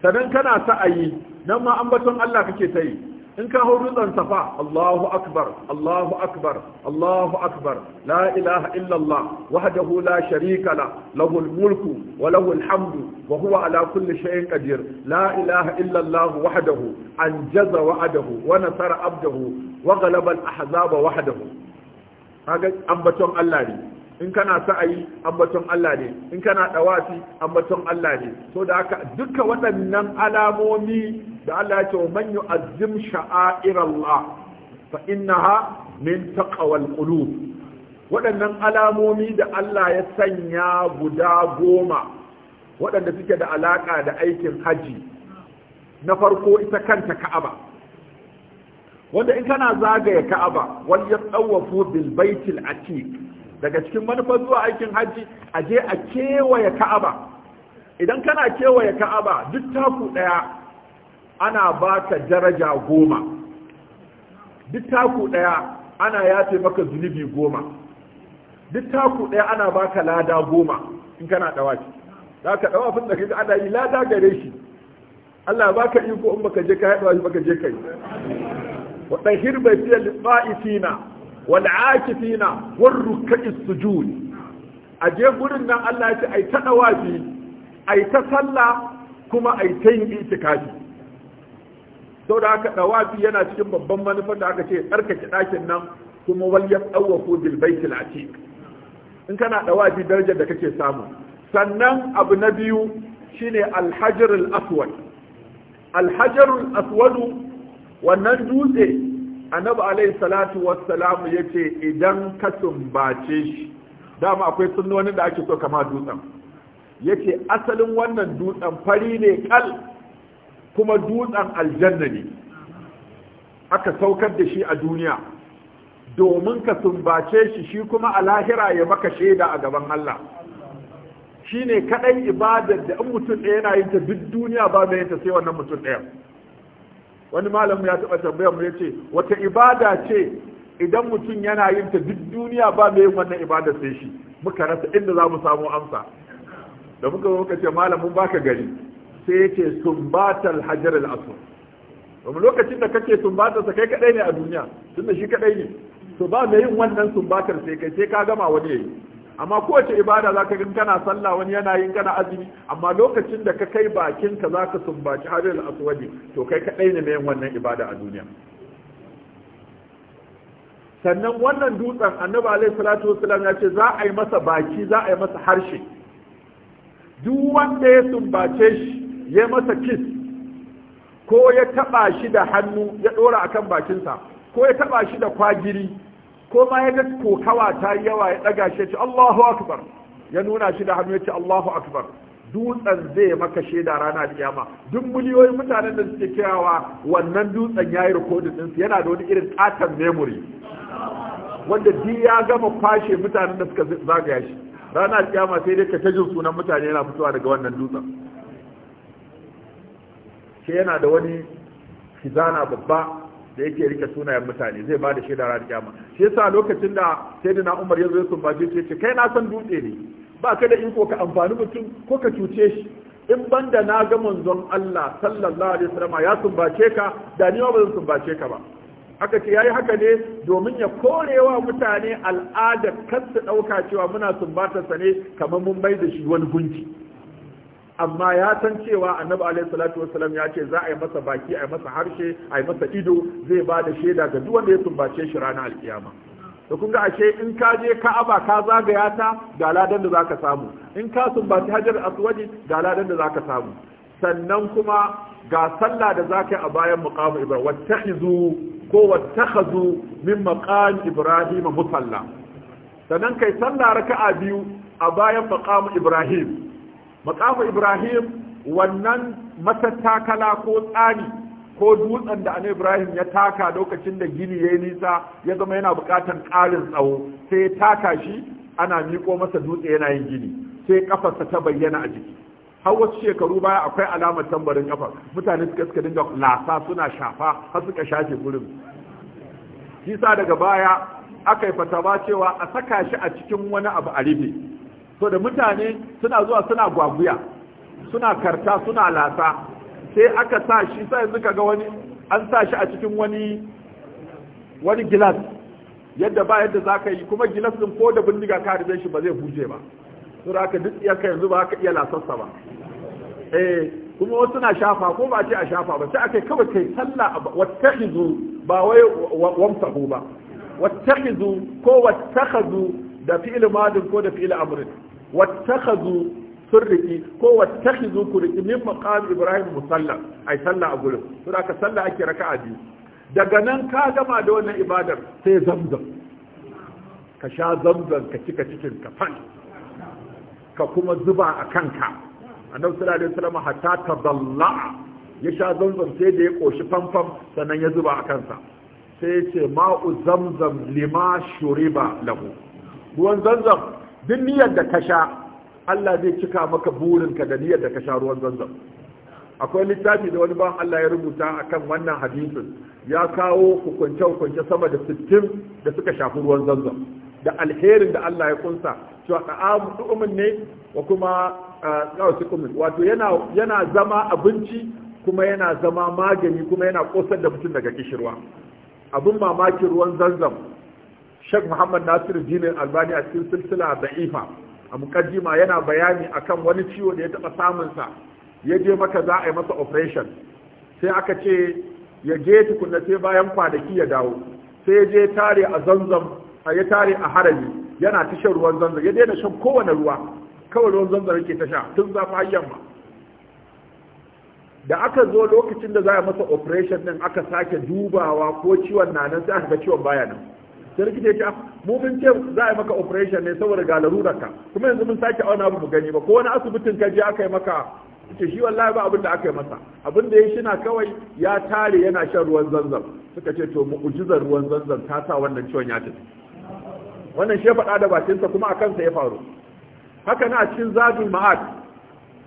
sanan kana sa'ayi nan ma ambaton Allah kake ta yi in ka hau dutsen safa Allahu akbar Allahu akbar Allahu akbar la ilaha illallah wahdahu la sharika la lahul mulku wa lahul hamdu wa huwa ala kulli shay'in qadir la ilaha illallah wahdahu anjaza wa'adahu wa nasara abdahu wa ghalaba al ahzaba wahdahu kaga ambaton Allah ne in kana sa'ayi ambaton Allah ne in kana dawafi ambaton Allah ne to da haka duka waɗannan alamomi da Allah ya ce wa man yu'azzim sha'airallah fa innaha min taqwal qulub waɗannan alamomi da Allah ya sanya guda goma waɗanda suke da alaka da aikin haji na farko ita kanta Ka'aba wanda in kana zagaya Ka'aba wal yatawafu bil baitil atiq daga cikin manufar zuwa aikin hajji a je a kewaye ka'aba idan kana kewaye ka'aba duk taku ɗaya ana baka daraja goma duk taku ɗaya ana yafe maka zunubi goma duk taku ɗaya ana baka lada goma in kana ɗawaci za ka fin da kaga ana yi lada gare shi Allah ba ka iko in baka je ka yaɗa shi baka je ka yi wa ɗahir bai fiye wal akifina war ruk'i sujud aje gurin nan Allah ya ce ai ta dawafi ai ta sallah kuma ai ta yin itikafi sau da haka dawafi yana cikin babban manufar da aka ce tsarkake ɗakin nan kuma wal yatawafu bil baitil atiq in kana dawafi darajar da kake samu sannan abu na biyu shine alhajar al-aswad alhajar al-aswad wannan dutse annabi alaihi salatu wassalamu yace idan ka sumbace shi dama akwai sunnoni da ake so kama dutsen yace asalin wannan dutsen fari ne kal kuma dutsen aljanna ne aka saukar da shi a duniya domin ka sumbace shi shi kuma a lahira ya maka shaida a gaban Allah shine kadai ibadar da in mutum ɗaya yana yin ta duk duniya ba mai ta sai wannan mutum ɗaya wani malamin ya taɓa tambayar mu ya ce wata ibada ce idan mutum yana yin ta duk duniya ba mai yin wannan ibada sai shi muka rasa inda za mu samu amsa da muka zo muka ce malamin baka gari sai ya ce sumbatal hajar al domin lokacin da kake sumbatar sa kai kadai ne a duniya tunda shi kadai ne to ba mai yin wannan sumbatar sai kai sai ka gama wani yayi amma kowace ibada za ka kana sallah wani yana yin kana azumi amma lokacin da ka kai bakinka za ka sumbaci harin aswadi to kai kaɗai ne mai wannan ibada a duniya sannan wannan dutsen annabi alaihi salatu wasallam ya ce za a yi masa baki za a yi masa harshe duk wanda ya sumbace shi ya masa kis ko ya taba shi da hannu ya dora akan bakinsa ko ya taɓa shi da kwagiri ko ma ya ga kokawa ta yawa ya ɗaga shi ya ce Allahu akbar ya nuna shi da hannu ya ce Allahu akbar dutsen zai maka shaida rana da kiyama duk miliyoyi mutanen da suke kiyawa wannan dutsen yayi rikodin din yana da wani irin katan memory wanda di ya gama kwashe mutanen da suka zagaya shi rana da kiyama sai dai ka ta jin sunan mutane yana fitowa daga wannan dutsen shi yana da wani kizana babba da yake rike sunayen mutane zai ba da shaida ranar kiyama shi yasa lokacin da sayyidina Umar ya zo ya sumbace shi ce kai na san dutse ne ba ka da iko ka amfani mutum ko ka cuce shi in banda na ga manzon Allah sallallahu alaihi wasallam ya sumbace ka da ni ba zan sumbace ka ba Haka ce yayi haka ne domin ya korewa mutane al'adar kar su dauka cewa muna sa ne kamar mun bai da shi wani gunki amma ya san cewa annabi alaihi salatu wasallam ya ce za a yi masa baki a yi masa harshe a yi masa ido zai ba da shaida ga duk wanda ya sumbace shi ranar alkiyama to kun ga ashe in ka je ka'aba ka zagaya ta ga ladan da zaka samu in ka sumbaci hajar aswadi ga ladan da zaka samu sannan kuma ga sallah da zaka yi a bayan muqamu ibrahim wattakhizu ko wattakhazu min maqam ibrahim musalla sannan kai sallah raka'a biyu a bayan maqam ibrahim makafa ibrahim wannan matattakala ko tsani ko dutsen da ana ibrahim ya taka lokacin da gini yayi nisa ya zama yana buƙatar karin tsawo sai ya taka shi ana miƙo masa dutse yana yin gini sai kafarsa ta bayyana a jiki har wasu shekaru baya akwai alamar tambarin kafa mutane suka suka dinga lasa suna shafa har suka shafe gurin kisa daga baya aka yi fatawa cewa a saka shi a cikin wani abu a rufe so da mutane suna zuwa suna gwaguya suna karta suna lasa sai aka sa shi sai yanzu kaga wani an sa shi a cikin wani wani gilas yadda ba yadda za ka yi kuma gilas din ko da bindiga ka harbe shi ba zai huje ba sura aka duk iyaka yanzu ba ka iya lasarsa ba eh kuma wasu na shafa ko ba ce a shafa ba sai aka kawai kai sallah wattakhizu ba wai wamsahu ba wattakhizu ko wattakhadhu da fi'il madin ko da fi'il amrin wattakhadhu surriki ko wattakhidhu kuriki min maqam ibrahim musalla ai salla a gurin to aka sallah ake raka'a biyu daga nan ka gama da wannan ibadar sai zamzam ka sha zamzam ka cika cikin ka fan ka kuma zuba a kanka annabi sallallahu alaihi wasallam hatta tadalla ya sha zamzam sai da ya koshi famfam sannan ya zuba a kansa sai ya ce ma'u zamzam lima shuriba lahu ruwan zanzam duk niyyar da ka sha Allah zai cika maka burinka da niyyar da ka sha ruwan zanzam akwai littafi da wani ban Allah ya rubuta akan wannan hadisin ya kawo hukunce hukunce sama da 60 da suka shafi ruwan zanzam da alherin da Allah ya kunsa cewa a'a du'umin ne wa kuma qawsikum wato yana yana zama abinci kuma yana zama magani kuma yana kosar da mutum daga kishirwa abin mamakin ruwan zanzam Sheikh Muhammad Nasir Dinin Albani a cikin silsila da'ifa a mukaddima yana bayani akan wani ciwo da ya taba samun sa ya je maka za a yi masa operation sai aka ce ya je tukunna sai bayan kwanaki ya dawo sai ya je tare a zanzam ya tare a harami yana ta ruwan zanzam ya daina shan kowane ruwa kawai ruwan zanzam yake tasha, sha tun zafi hayyan yamma da aka zo lokacin da za a yi masa operation din aka sake dubawa ko ciwon na nan sai aka ga ciwon baya nan sai likita ya ce ah, mu mun ce za a yi maka operation ne saboda ga ka, kuma yanzu mun sake auna abu mu gani ba ko wani asibitin ka je aka yi maka ce shi wallahi ba abin da aka yi masa abin da ya shina kawai ya tare yana shan ruwan zanzam suka ce to mu'ujizar ruwan zanzam ta sa wannan ciwon ya tafi wannan shi ya faɗa da bakinsa kuma a kansa ya faru haka na cikin zadul ma'ad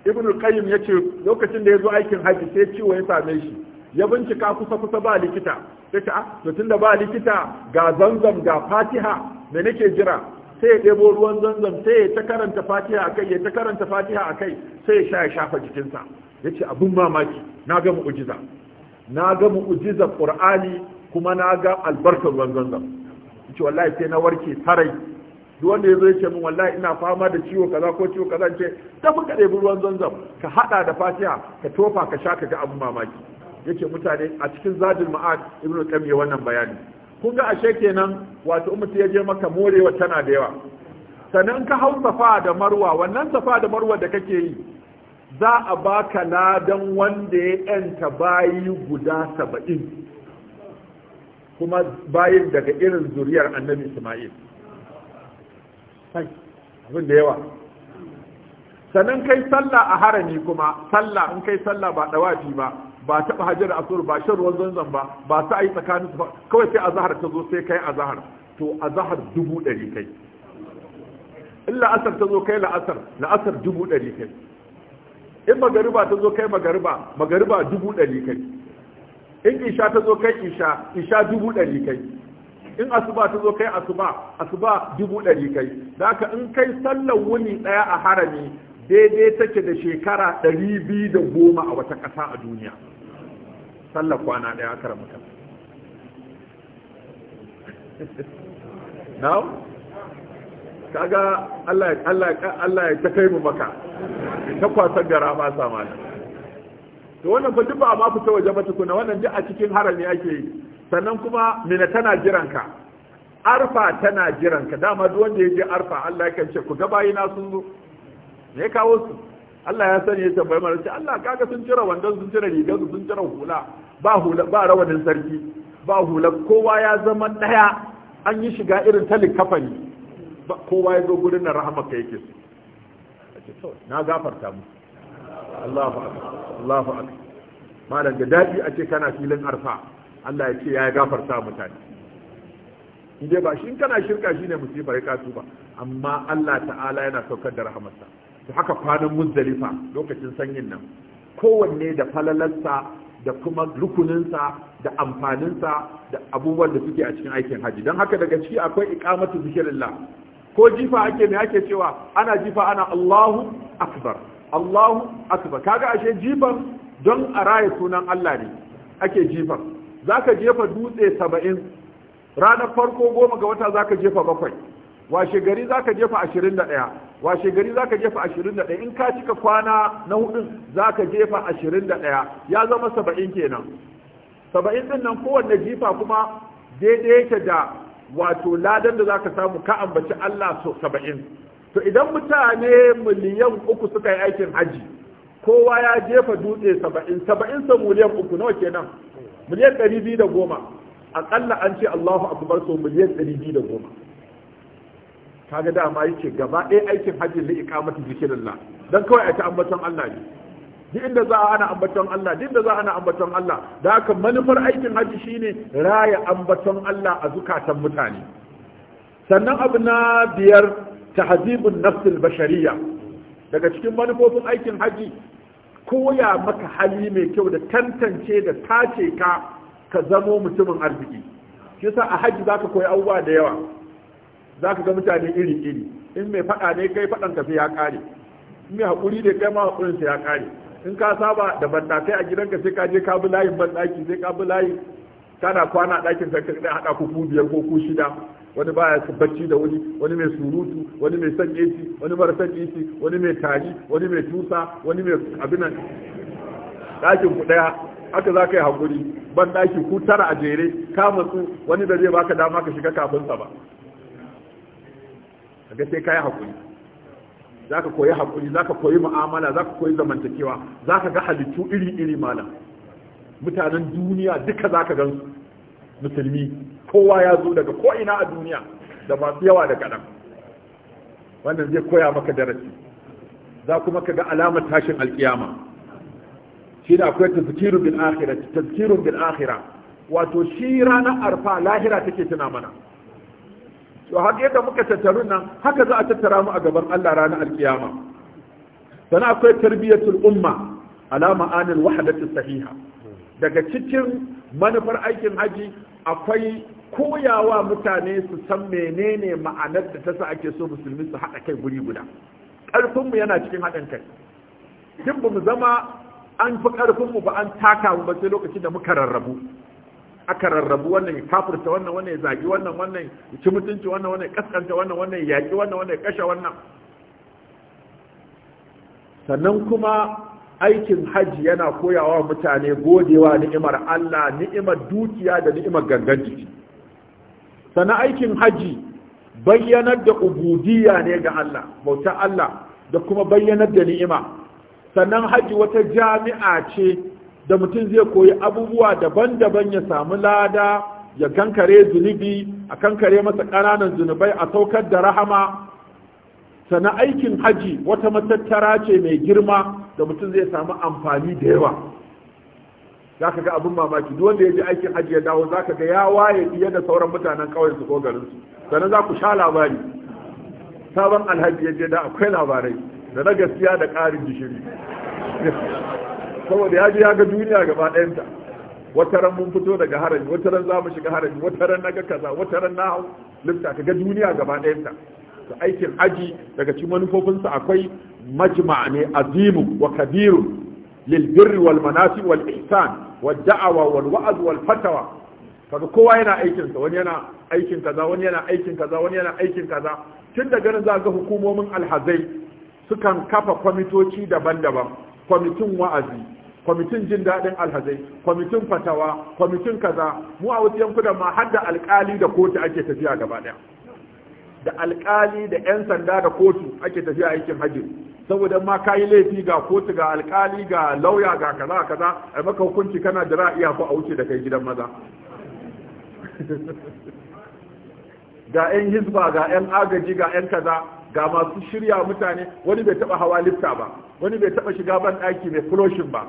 ibn al-qayyim yace lokacin da ya zo aikin haji sai ciwo ya same shi ya bincika kusa kusa ba likita sai ta ah, to tunda ba likita ga zanzam ga fatiha da nake jira sai ya ɗebo ruwan zanzam sai ya ta karanta fatiha a kai ya ta karanta fatiha a kai sai ya sha ya shafa jikinsa ya ce abin mamaki na ga mu'ujiza na ga mu'ujiza qur'ani kuma na ga albarkar ruwan zanzam ya ce wallahi sai na warke sarai duk wanda ya zo ya ce min wallahi ina fama da ciwo kaza ko ciwo kaza ce tafi ka ɗebi ruwan zanzam ka haɗa da fatiha ka tofa ka sha ka ga abin mamaki yake mutane a cikin zadul ma'ad ibnu qayyim wannan bayani kun ga ashe kenan wato mutum ya je maka morewa tana da yawa sannan ka hau safa da marwa wannan safa da marwa da kake yi za a baka ladan wanda ya yanta bayi guda saba'in kuma bayin daga irin zuriyar annabi ismail abin da yawa sannan kai sallah a harami kuma sallah in kai sallah ba dawafi ba ba taɓa hajjar asur ba shan ruwan zanzan ba ba ta yi tsakanin ba kawai sai azahar ta zo sai kai azahar to azahar dubu ɗari kai in la'asar ta zo kai la'asar la'asar dubu ɗari kai in magariba ta zo kai magariba magariba dubu ɗari kai in isha ta zo kai isha isha dubu ɗari kai in asuba ta zo kai asuba asuba dubu ɗari kai da haka in kai sallar wuni ɗaya a harami daidai take da shekara ɗari biyu da goma a wata ƙasa a duniya sallar kwana daya aka ramuta now kaga Allah ya ta kai mu maka ta kwasar gara ma sama to wannan ku duba ba ma fita waje ba tukuna wannan duk a cikin harami ake yi sannan kuma mina tana jiran ka arfa tana jiran ka dama duk wanda ya je arfa Allah ya kance ku ga bayina sun zo me ya kawo su Allah ya sani ya tambayi mara ce Allah kaga sun cire wandon sun cire rigar sun cire hula ba hula ba rawanin sarki ba hula kowa ya zama daya an yi shiga irin talik kafani kowa ya zo gurin na rahama kai yake su na gafarta mu Allahu akbar Allahu akbar malam da dadi a ce kana filin arfa Allah ya ce ya gafarta mutane idan ba shi kana shirka shine musibar ka tuba amma Allah ta'ala yana saukar da rahamarsa haka kwanan muzdalifa lokacin sanyin nan kowanne da falalarsa da kuma rukuninsa da amfaninsa da abubuwan da suke a cikin aikin haji don haka daga ciki akwai ikamatu zikirillah ko jifa ake ne ake cewa ana jifa ana Allahu akbar Allahu akbar kaga ashe jifan don a raye sunan Allah ne ake jifan zaka jefa dutse saba'in ranar farko goma ga wata zaka jefa bakwai washe gari zaka jefa ashirin da ɗaya washe gari zaka jefa 21 in ka cika kwana na hudun zaka jefa 21 ya zama 70 kenan 70 din nan kowanne jifa kuma daidai yake da wato ladan da zaka samu ka ambaci Allah so 70 to idan mutane miliyan uku suka yi aikin haji kowa ya jefa dutse 70 70 sa miliyan uku nawa kenan miliyan 210 akalla an ce Allahu akbar so miliyan 210 kaga dama yake gaba ɗaya aikin hajji li iqamati Allah. dan kawai a ta ambaton Allah ne duk inda za a ana ambaton Allah duk inda za ana ambaton Allah da haka manufar aikin hajji shine raya ambaton Allah a zukatan mutane sannan abu na biyar tahzibun nafsil bashariya daga cikin manufofin aikin hajji koya maka hali mai kyau da tantance da tace ka ka zamo mutumin arziki shi yasa a hajji zaka koyi abubuwa da yawa za ka ga mutane iri-iri in mai faɗa ne kai faɗan tafi ya ƙare in mai haƙuri ne kai ma sai ya kare in ka saba da bandakai a gidanka sai ka je ka bi layin banɗaki sai ka bi layi kana kwana ɗakin ka kai haɗa ku ku biyar ko ku shida wani baya bacci da wani wani mai surutu wani mai san AC wani mara wani mai tari wani mai tusa wani mai abin nan ɗakin ku ɗaya haka za ka yi haƙuri ban ɗaki ku tara a jere ka matsu wani da zai baka dama ka shiga kafin sa ba ga sai kayi hakuri zaka koyi hakuri zaka koyi mu'amala zaka koyi zamantakewa zaka ga halittu iri iri malam mutanen duniya duka zaka gan musulmi kowa ya zo daga ko'ina a duniya da masu yawa da kaɗan. wannan zai koya maka darasi za kuma ka ga alamar tashin alkiyama shi da akwai tazkirun bil akhirah tazkirun bil akhirah wato shi ranar arfa lahira take tuna mana to haka yadda muka tattaru nan haka za a tattara mu a gaban Allah ranar alkiyama sana akwai tarbiyatul umma ala ma'anil wahdati sahiha daga cikin manufar aikin haji akwai koyawa mutane su san menene ma'anar da ta sa ake so musulmi su haɗa kai guri guda mu yana cikin haɗin kai duk ba mu zama an fi mu ba an taka mu ba sai lokacin da muka rarrabu aka rarrabu wannan ya kafurta wannan wannan ya zagi wannan wannan ya ci mutunci wannan wannan ya kaskanta wannan wannan ya yaƙi wannan wannan ya kashe wannan sannan kuma aikin hajji yana koyawa mutane godewa ni'imar Allah ni'imar dukiya da ni'imar gangan jiki sannan aikin hajji bayyanar da ubudiyya ne ga Allah bauta Allah da kuma bayyanar da ni'ima sannan hajji wata jami'a ce da mutum zai koyi abubuwa daban-daban ya samu lada ya kankare zunubi a kankare masa ƙananan zunubai a saukar da rahama sana aikin haji wata matattara ce mai girma da mutum zai samu amfani da yawa za ka ga abin mamaki duk wanda ya ji aikin haji ya dawo za ka ga ya waye fiye da sauran mutanen ƙauyen su ko garin su sannan za ku sha labari sabon alhaji ya je da akwai labarai da na gaskiya da ƙarin gishiri saboda ya je ya ga duniya gaba ɗayanta wata ran mun fito daga harami wata ran za mu shiga harami wata ran na ga kaza wata ran na hau lifta ka ga duniya gaba ɗayanta ta aikin aji daga cikin manufofinsa akwai majma' ne azimu wa Kabiru, lil birri wal manasib wal ihsan wal da'awa wal wa'd wal fatawa kaga kowa yana aikin sa wani yana aikin kaza wani yana aikin kaza wani yana aikin kaza tun daga nan za ga hukumomin alhazai sukan kafa kwamitoci daban-daban kwamitin wa'azi kwamitin jin daɗin alhazai kwamitin fatawa kwamitin kaza mu a wasu yankunan ma har da alƙali da kotu ake tafiya gaba ɗaya da alƙali da 'yan sanda da kotu ake tafiya aikin hajji saboda ma kayi laifi ga kotu ga alƙali ga lauya ga kaza kaza a maka hukunci kana jira iya ko a wuce da kai gidan maza ga 'yan hisba, ga 'yan agaji ga 'yan kaza ga masu shirya mutane wani bai taba hawa lifta ba wani bai taba shiga ban ɗaki mai floshin ba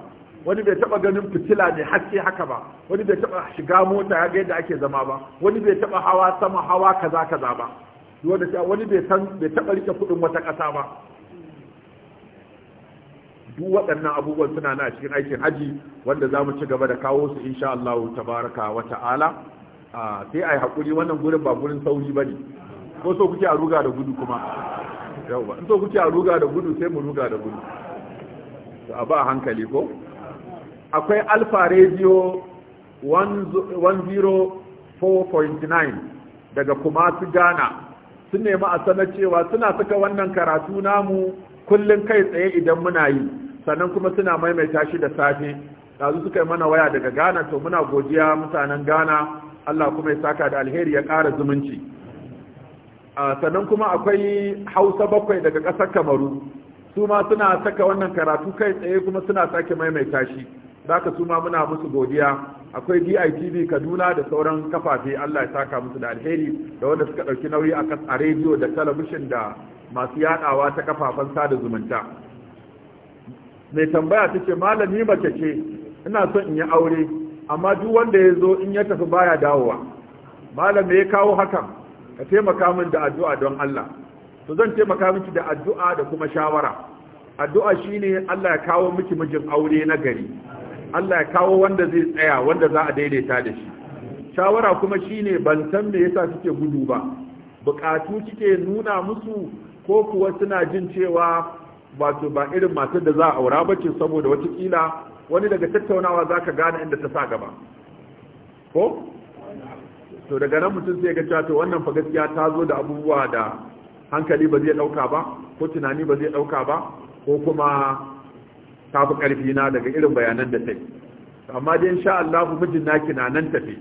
wani bai taba ganin fitila ne haske haka ba wani bai taba shiga mota ya ga yadda ake zama ba wani bai taba hawa sama hawa kaza kaza ba wanda wani bai san bai taba rike kudin wata kasa ba duk waɗannan abubuwan suna na cikin aikin haji wanda za mu ci gaba da kawo su insha Allah tabaraka wa ta'ala sai ai hakuri wannan gurin ba gurin sauri bane ko so kuke a ruga da gudu kuma yauwa in so kuke a ruga da gudu sai mu ruga da gudu a ba hankali ko akwai alfa radio 104.9 daga kumasi ghana sun nemi a sanar cewa suna saka wannan karatu namu kullum kai tsaye idan muna yi sannan kuma suna maimaita shi da safe yanzu suka yi mana waya daga ghana to muna godiya mutanen ghana allah kuma ya saka da alheri ya ƙara zumunci sannan kuma akwai hausa bakwai daga ƙasar kamaru su ma suna saka wannan karatu kai tsaye kuma suna sake maimaita shi zaka su ma muna musu godiya akwai DITV Kaduna da sauran kafafe Allah ya saka musu da alheri da wanda suka ɗauki nauyi a rediyo da talabishin da masu yaɗawa ta kafafen sada zumunta mai tambaya ta ce malami mace ce ina son in yi aure amma duk wanda ya zo in ya tafi baya dawowa malam ya kawo hakan ka taimaka min da addu'a don Allah to zan taimaka miki da addu'a da kuma shawara addu'a shine Allah ya kawo miki mijin aure na gari Allah ya kawo wanda zai tsaya wanda za a daidaita da shi shawara kuma shine ban san me yasa suke gudu ba bukatu kike nuna musu ko kuwa suna jin cewa wato ba irin matar da za a aura ba ce saboda wata kila wani daga tattaunawa zaka gane inda ta sa gaba ko to daga nan mutum sai ga cewa wannan fa gaskiya ta zo da abubuwa da hankali ba zai dauka ba ko tunani ba zai dauka ba ko kuma ta fi ƙarfi na daga irin bayanan da ta yi amma dai insha Allah mijin naki na nan tafi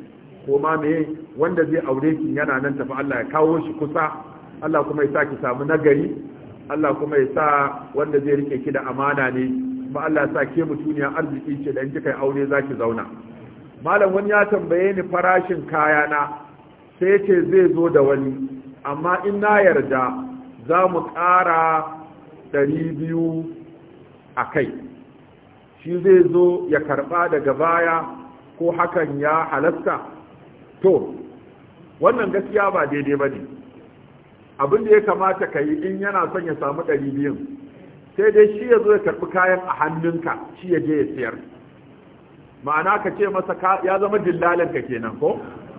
ko ma me wanda zai aure ki yana nan tafi Allah ya kawo shi kusa Allah kuma ya sa ki samu nagari Allah kuma ya sa wanda zai rike ki da amana ne kuma Allah ya sa ke mutuniya arziki ce dan in kika aure zaki zauna malam wani ya tambaye ni farashin kaya na sai ce zai zo da wani amma in na yarda za mu ƙara 200 biyu a kai shi zai zo ya karba daga baya ko hakan ya halasta? to wannan gaskiya ba daidai ba ne abin da ya kamata ka yi in yana son ya samu ɗari biyun sai dai shi ya zo ya karɓi kayan a hannunka shi ya je ya siyar ma'ana ka ce masa ya zama dillalinka kenan ko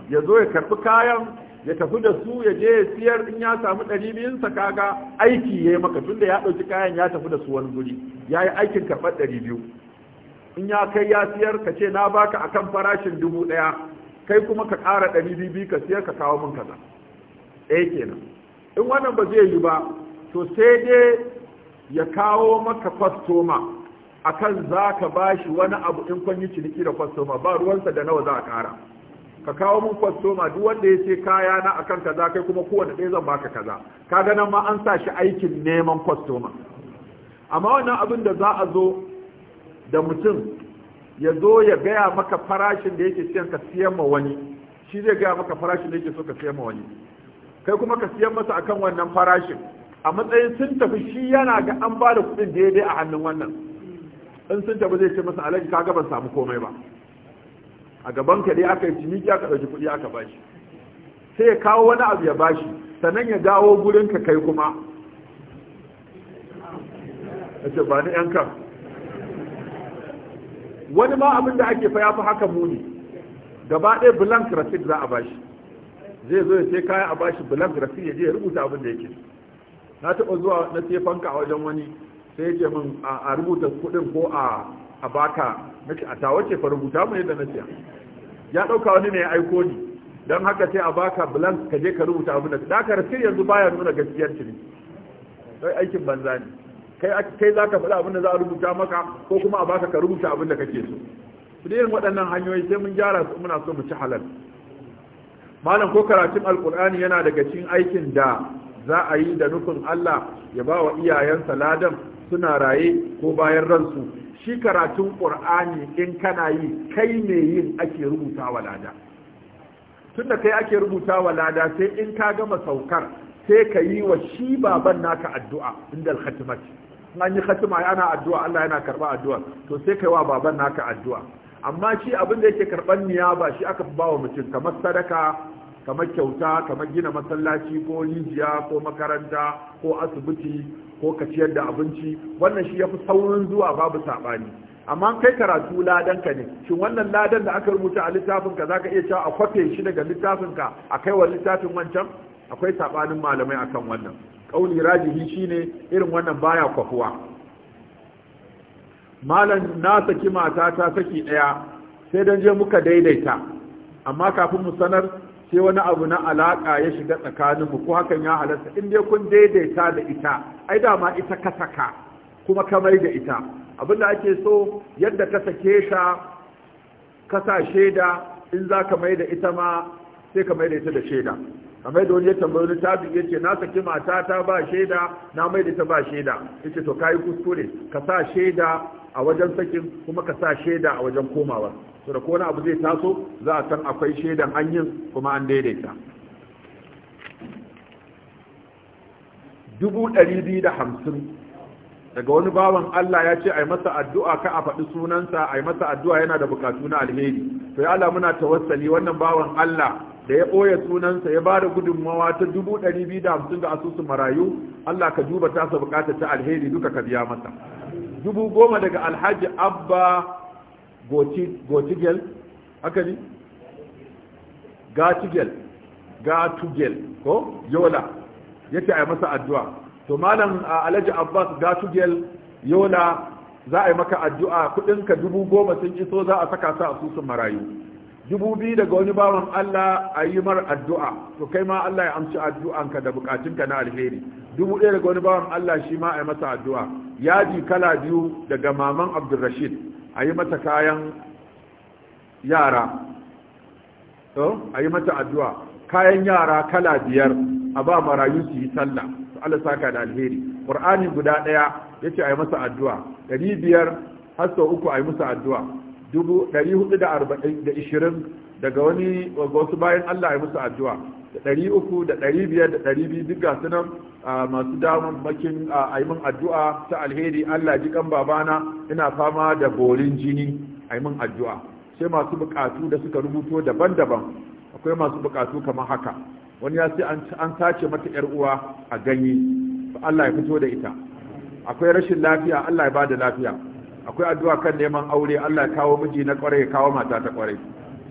ya zo ya karɓi kayan ya tafi da su ya je ya siyar in ya samu ɗari biyun sa kaga aiki ya yi maka tunda ya ɗauki kayan ya tafi da su wani guri ya yi aikin karɓar ɗari biyu in ya kai ya siyar ka ce na baka akan farashin dubu ɗaya kai kuma ka ƙara ɗari biyu ka siyar ka kawo min kaza ɗaya kenan in wannan ba zai yi ba to sai dai ya kawo maka kwastoma akan za ka ba shi wani abu in kun ciniki da kwastoma ba ruwansa da nawa za a ƙara ka kawo min kwastoma duk wanda ya ce kaya na akan kaza kai kuma kowane ɗaya zan baka kaza ka nan ma an sa shi aikin neman kwastoma amma wannan abin da za a zo da mutum ya zo ya gaya maka farashin da yake siyan ka siyan ma wani shi zai gaya maka farashin da yake so ka siyan ma wani kai kuma ka siyan masa akan wannan farashin a matsayin sun tafi shi yana ga an ba da kuɗin dai a hannun wannan in sun tafi zai ce masa alaji ka ban samu komai ba a gaban ka dai aka yi ciniki aka ɗauki kuɗi aka bashi sai ya kawo wani abu ya bashi sannan ya dawo gurin ka kai kuma ce ba ni yan kan wani ma abin da ake fa ya fi haka muni gaba ɗaya blank receipt za a bashi zai zo ya sai kaya a bashi blank receipt ya je ya rubuta abin da yake na taɓa zuwa na sai fanka a wajen wani sai ya ce min a rubuta kuɗin ko a a baka nake a ta ce fa rubuta mu yadda na siya ya ɗauka wani ne ya aiko ni don haka sai a baka blank ka je ka rubuta abin da ka receipt yanzu baya nuna gaskiyar ciniki sai aikin banza ne kai kai zaka faɗa abin da za a rubuta maka ko kuma a baka ka rubuta abin da kake so su irin waɗannan hanyoyi sai mun gyara su muna so mu ci halal malam ko karatun alkur'ani yana daga cikin aikin da za a yi da nufin Allah ya ba wa iyayensa ladan suna raye ko bayan ransu shi karatun ƙur'ani in kana yi kai ne yin ake rubuta wa lada tunda kai ake rubuta wa lada sai in ka gama saukar sai ka yi wa shi baban naka addu'a inda al an yi khatima ana addu'a Allah yana karɓa addu'a to sai kai wa baban naka addu'a amma shi abin da yake karban ba shi aka fi bawa mutum kamar sadaka kamar kyauta kamar gina masallaci ko rijiya ko makaranta ko asibiti ko kaciyar da abinci wannan shi ya fi saurin zuwa babu saɓani. amma kai karatu ladan ka ne shin wannan ladan da aka rubuta a littafin ka zaka iya cewa a kwafe shi daga littafin ka a kai wa littafin wancan akwai saɓanin malamai akan wannan kauli rajihi shine irin wannan baya kwafuwa malan na saki mata ta saki daya sai dan je muka daidaita amma kafin mu sanar sai wani abu na alaka ya shiga tsakanin mu ko hakan ya halarta in dai kun daidaita da ita ai dama ita ka saka kuma ka mai da ita abinda ake so yadda ka sake ta ka sa shaida in za ka mai da ita ma sai ka mai da ita da shaida kamar da wani ya tambayi wani tabi ya ce na saki mata ta ba shaida na mai da ta ba shaida ya ce to kayi kuskure ka sa shaida a wajen sakin kuma ka sa shaida a wajen komawa su da kona abu zai taso za a san akwai shaidan an kuma an daidaita dubu ɗari biyu da hamsin daga wani bawan Allah ya ce a yi masa addu'a ka a faɗi sunansa a yi masa addu'a yana da bukatu na alheri to ya Allah muna tawassali wannan bawan Allah da ya ɓoye sunansa ya ba da gudunmawa ta dubu ɗari biyu da hamsin ga asusun marayu Allah ka duba tasa bukatar ta alheri duka ka biya masa dubu goma daga alhaji abba gotigel haka ne gatigel gatugel ko yola ya ce a yi masa addu'a to malam alhaji abbas gatugel yola za a yi maka addu'a kuɗinka dubu goma sun iso za a saka sa asusun marayu dubu biyu daga wani bawan Allah a yi mar addu'a to kai ma Allah ya amci addu'anka da bukatunka na alheri dubu ɗaya daga wani bawan Allah shi ma a yi masa addu'a yaji kala biyu daga maman Abdulrashid a yi mata kayan yara a yi mata addu'a kayan yara kala biyar a ba marayu su yi sallah su Allah saka da alheri ƙur'ani guda ɗaya ya ce a yi masa addu'a ɗari biyar har sau uku a yi masa addu'a 420 daga wani wasu bayan Allah ya musu addu'a da 300 da 500 da 200 duk gasu sunan masu damun makin aimin addu'a ta alheri Allah ji kan babana ina fama da borin jini aimin addu'a sai masu bukatu da suka rubuto daban-daban akwai masu bukatu kamar haka wani ya sai an sace mata yar uwa a ganye Allah ya fito da ita akwai rashin lafiya Allah ya ba da lafiya akwai addu'a kan neman aure Allah ya kawo miji na kwarai ya kawo mata ta kwarai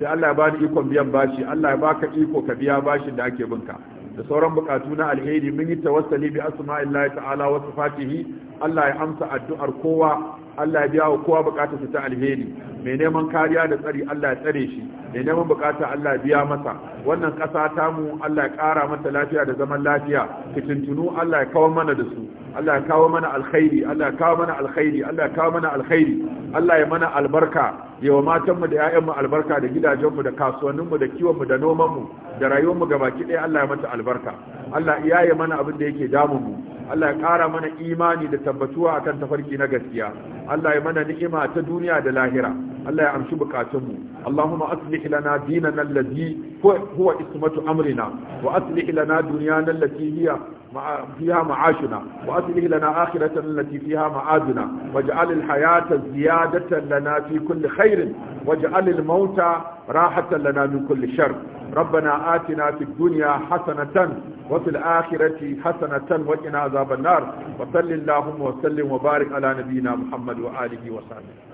sai Allah ya bani ikon biyan bashi Allah ya baka iko ka biya bashin da ake binka da sauran bukatu na alheri mun yi tawassali bi asma'illahi ta'ala wa sifatihi Allah ya amsa addu'ar kowa Allah ya biya wa kowa bukatar su ta alheri mai neman kariya da tsari Allah ya tsare shi mai neman bukata Allah ya biya masa wannan ta mu? Allah ya kara mata lafiya da zaman lafiya fitintunu Allah ya kawo mana da su Allah ya kawo mana alkhairi Allah ya kawo mana alkhairi Allah ya kawo mana alkhairi Allah ya mana albarka ya wa matanmu da 'ya'yanmu albarka da gidajenmu da kasuwanninmu da kiwonmu da nomanmu da rayuwarmu gabaki ɗaya Allah ya mata albarka Allah iyaye mana abin da yake damunmu Allah ya ƙara mana imani da tabbatuwa akan tafarki na gaskiya Allah ya mana ni'ima ta duniya da lahira Allah ya amshi bukatunmu Allahumma aslih lana dinana allazi huwa ismatu amrina wa aslih lana dunyana allati hiya فيها معاشنا وأسلح لنا آخرة التي فيها معادنا واجعل الحياة زيادة لنا في كل خير واجعل الموت راحة لنا من كل شر ربنا آتنا في الدنيا حسنة وفي الآخرة حسنة وقنا عذاب النار وصل اللهم وسلم وبارك على نبينا محمد وآله وصحبه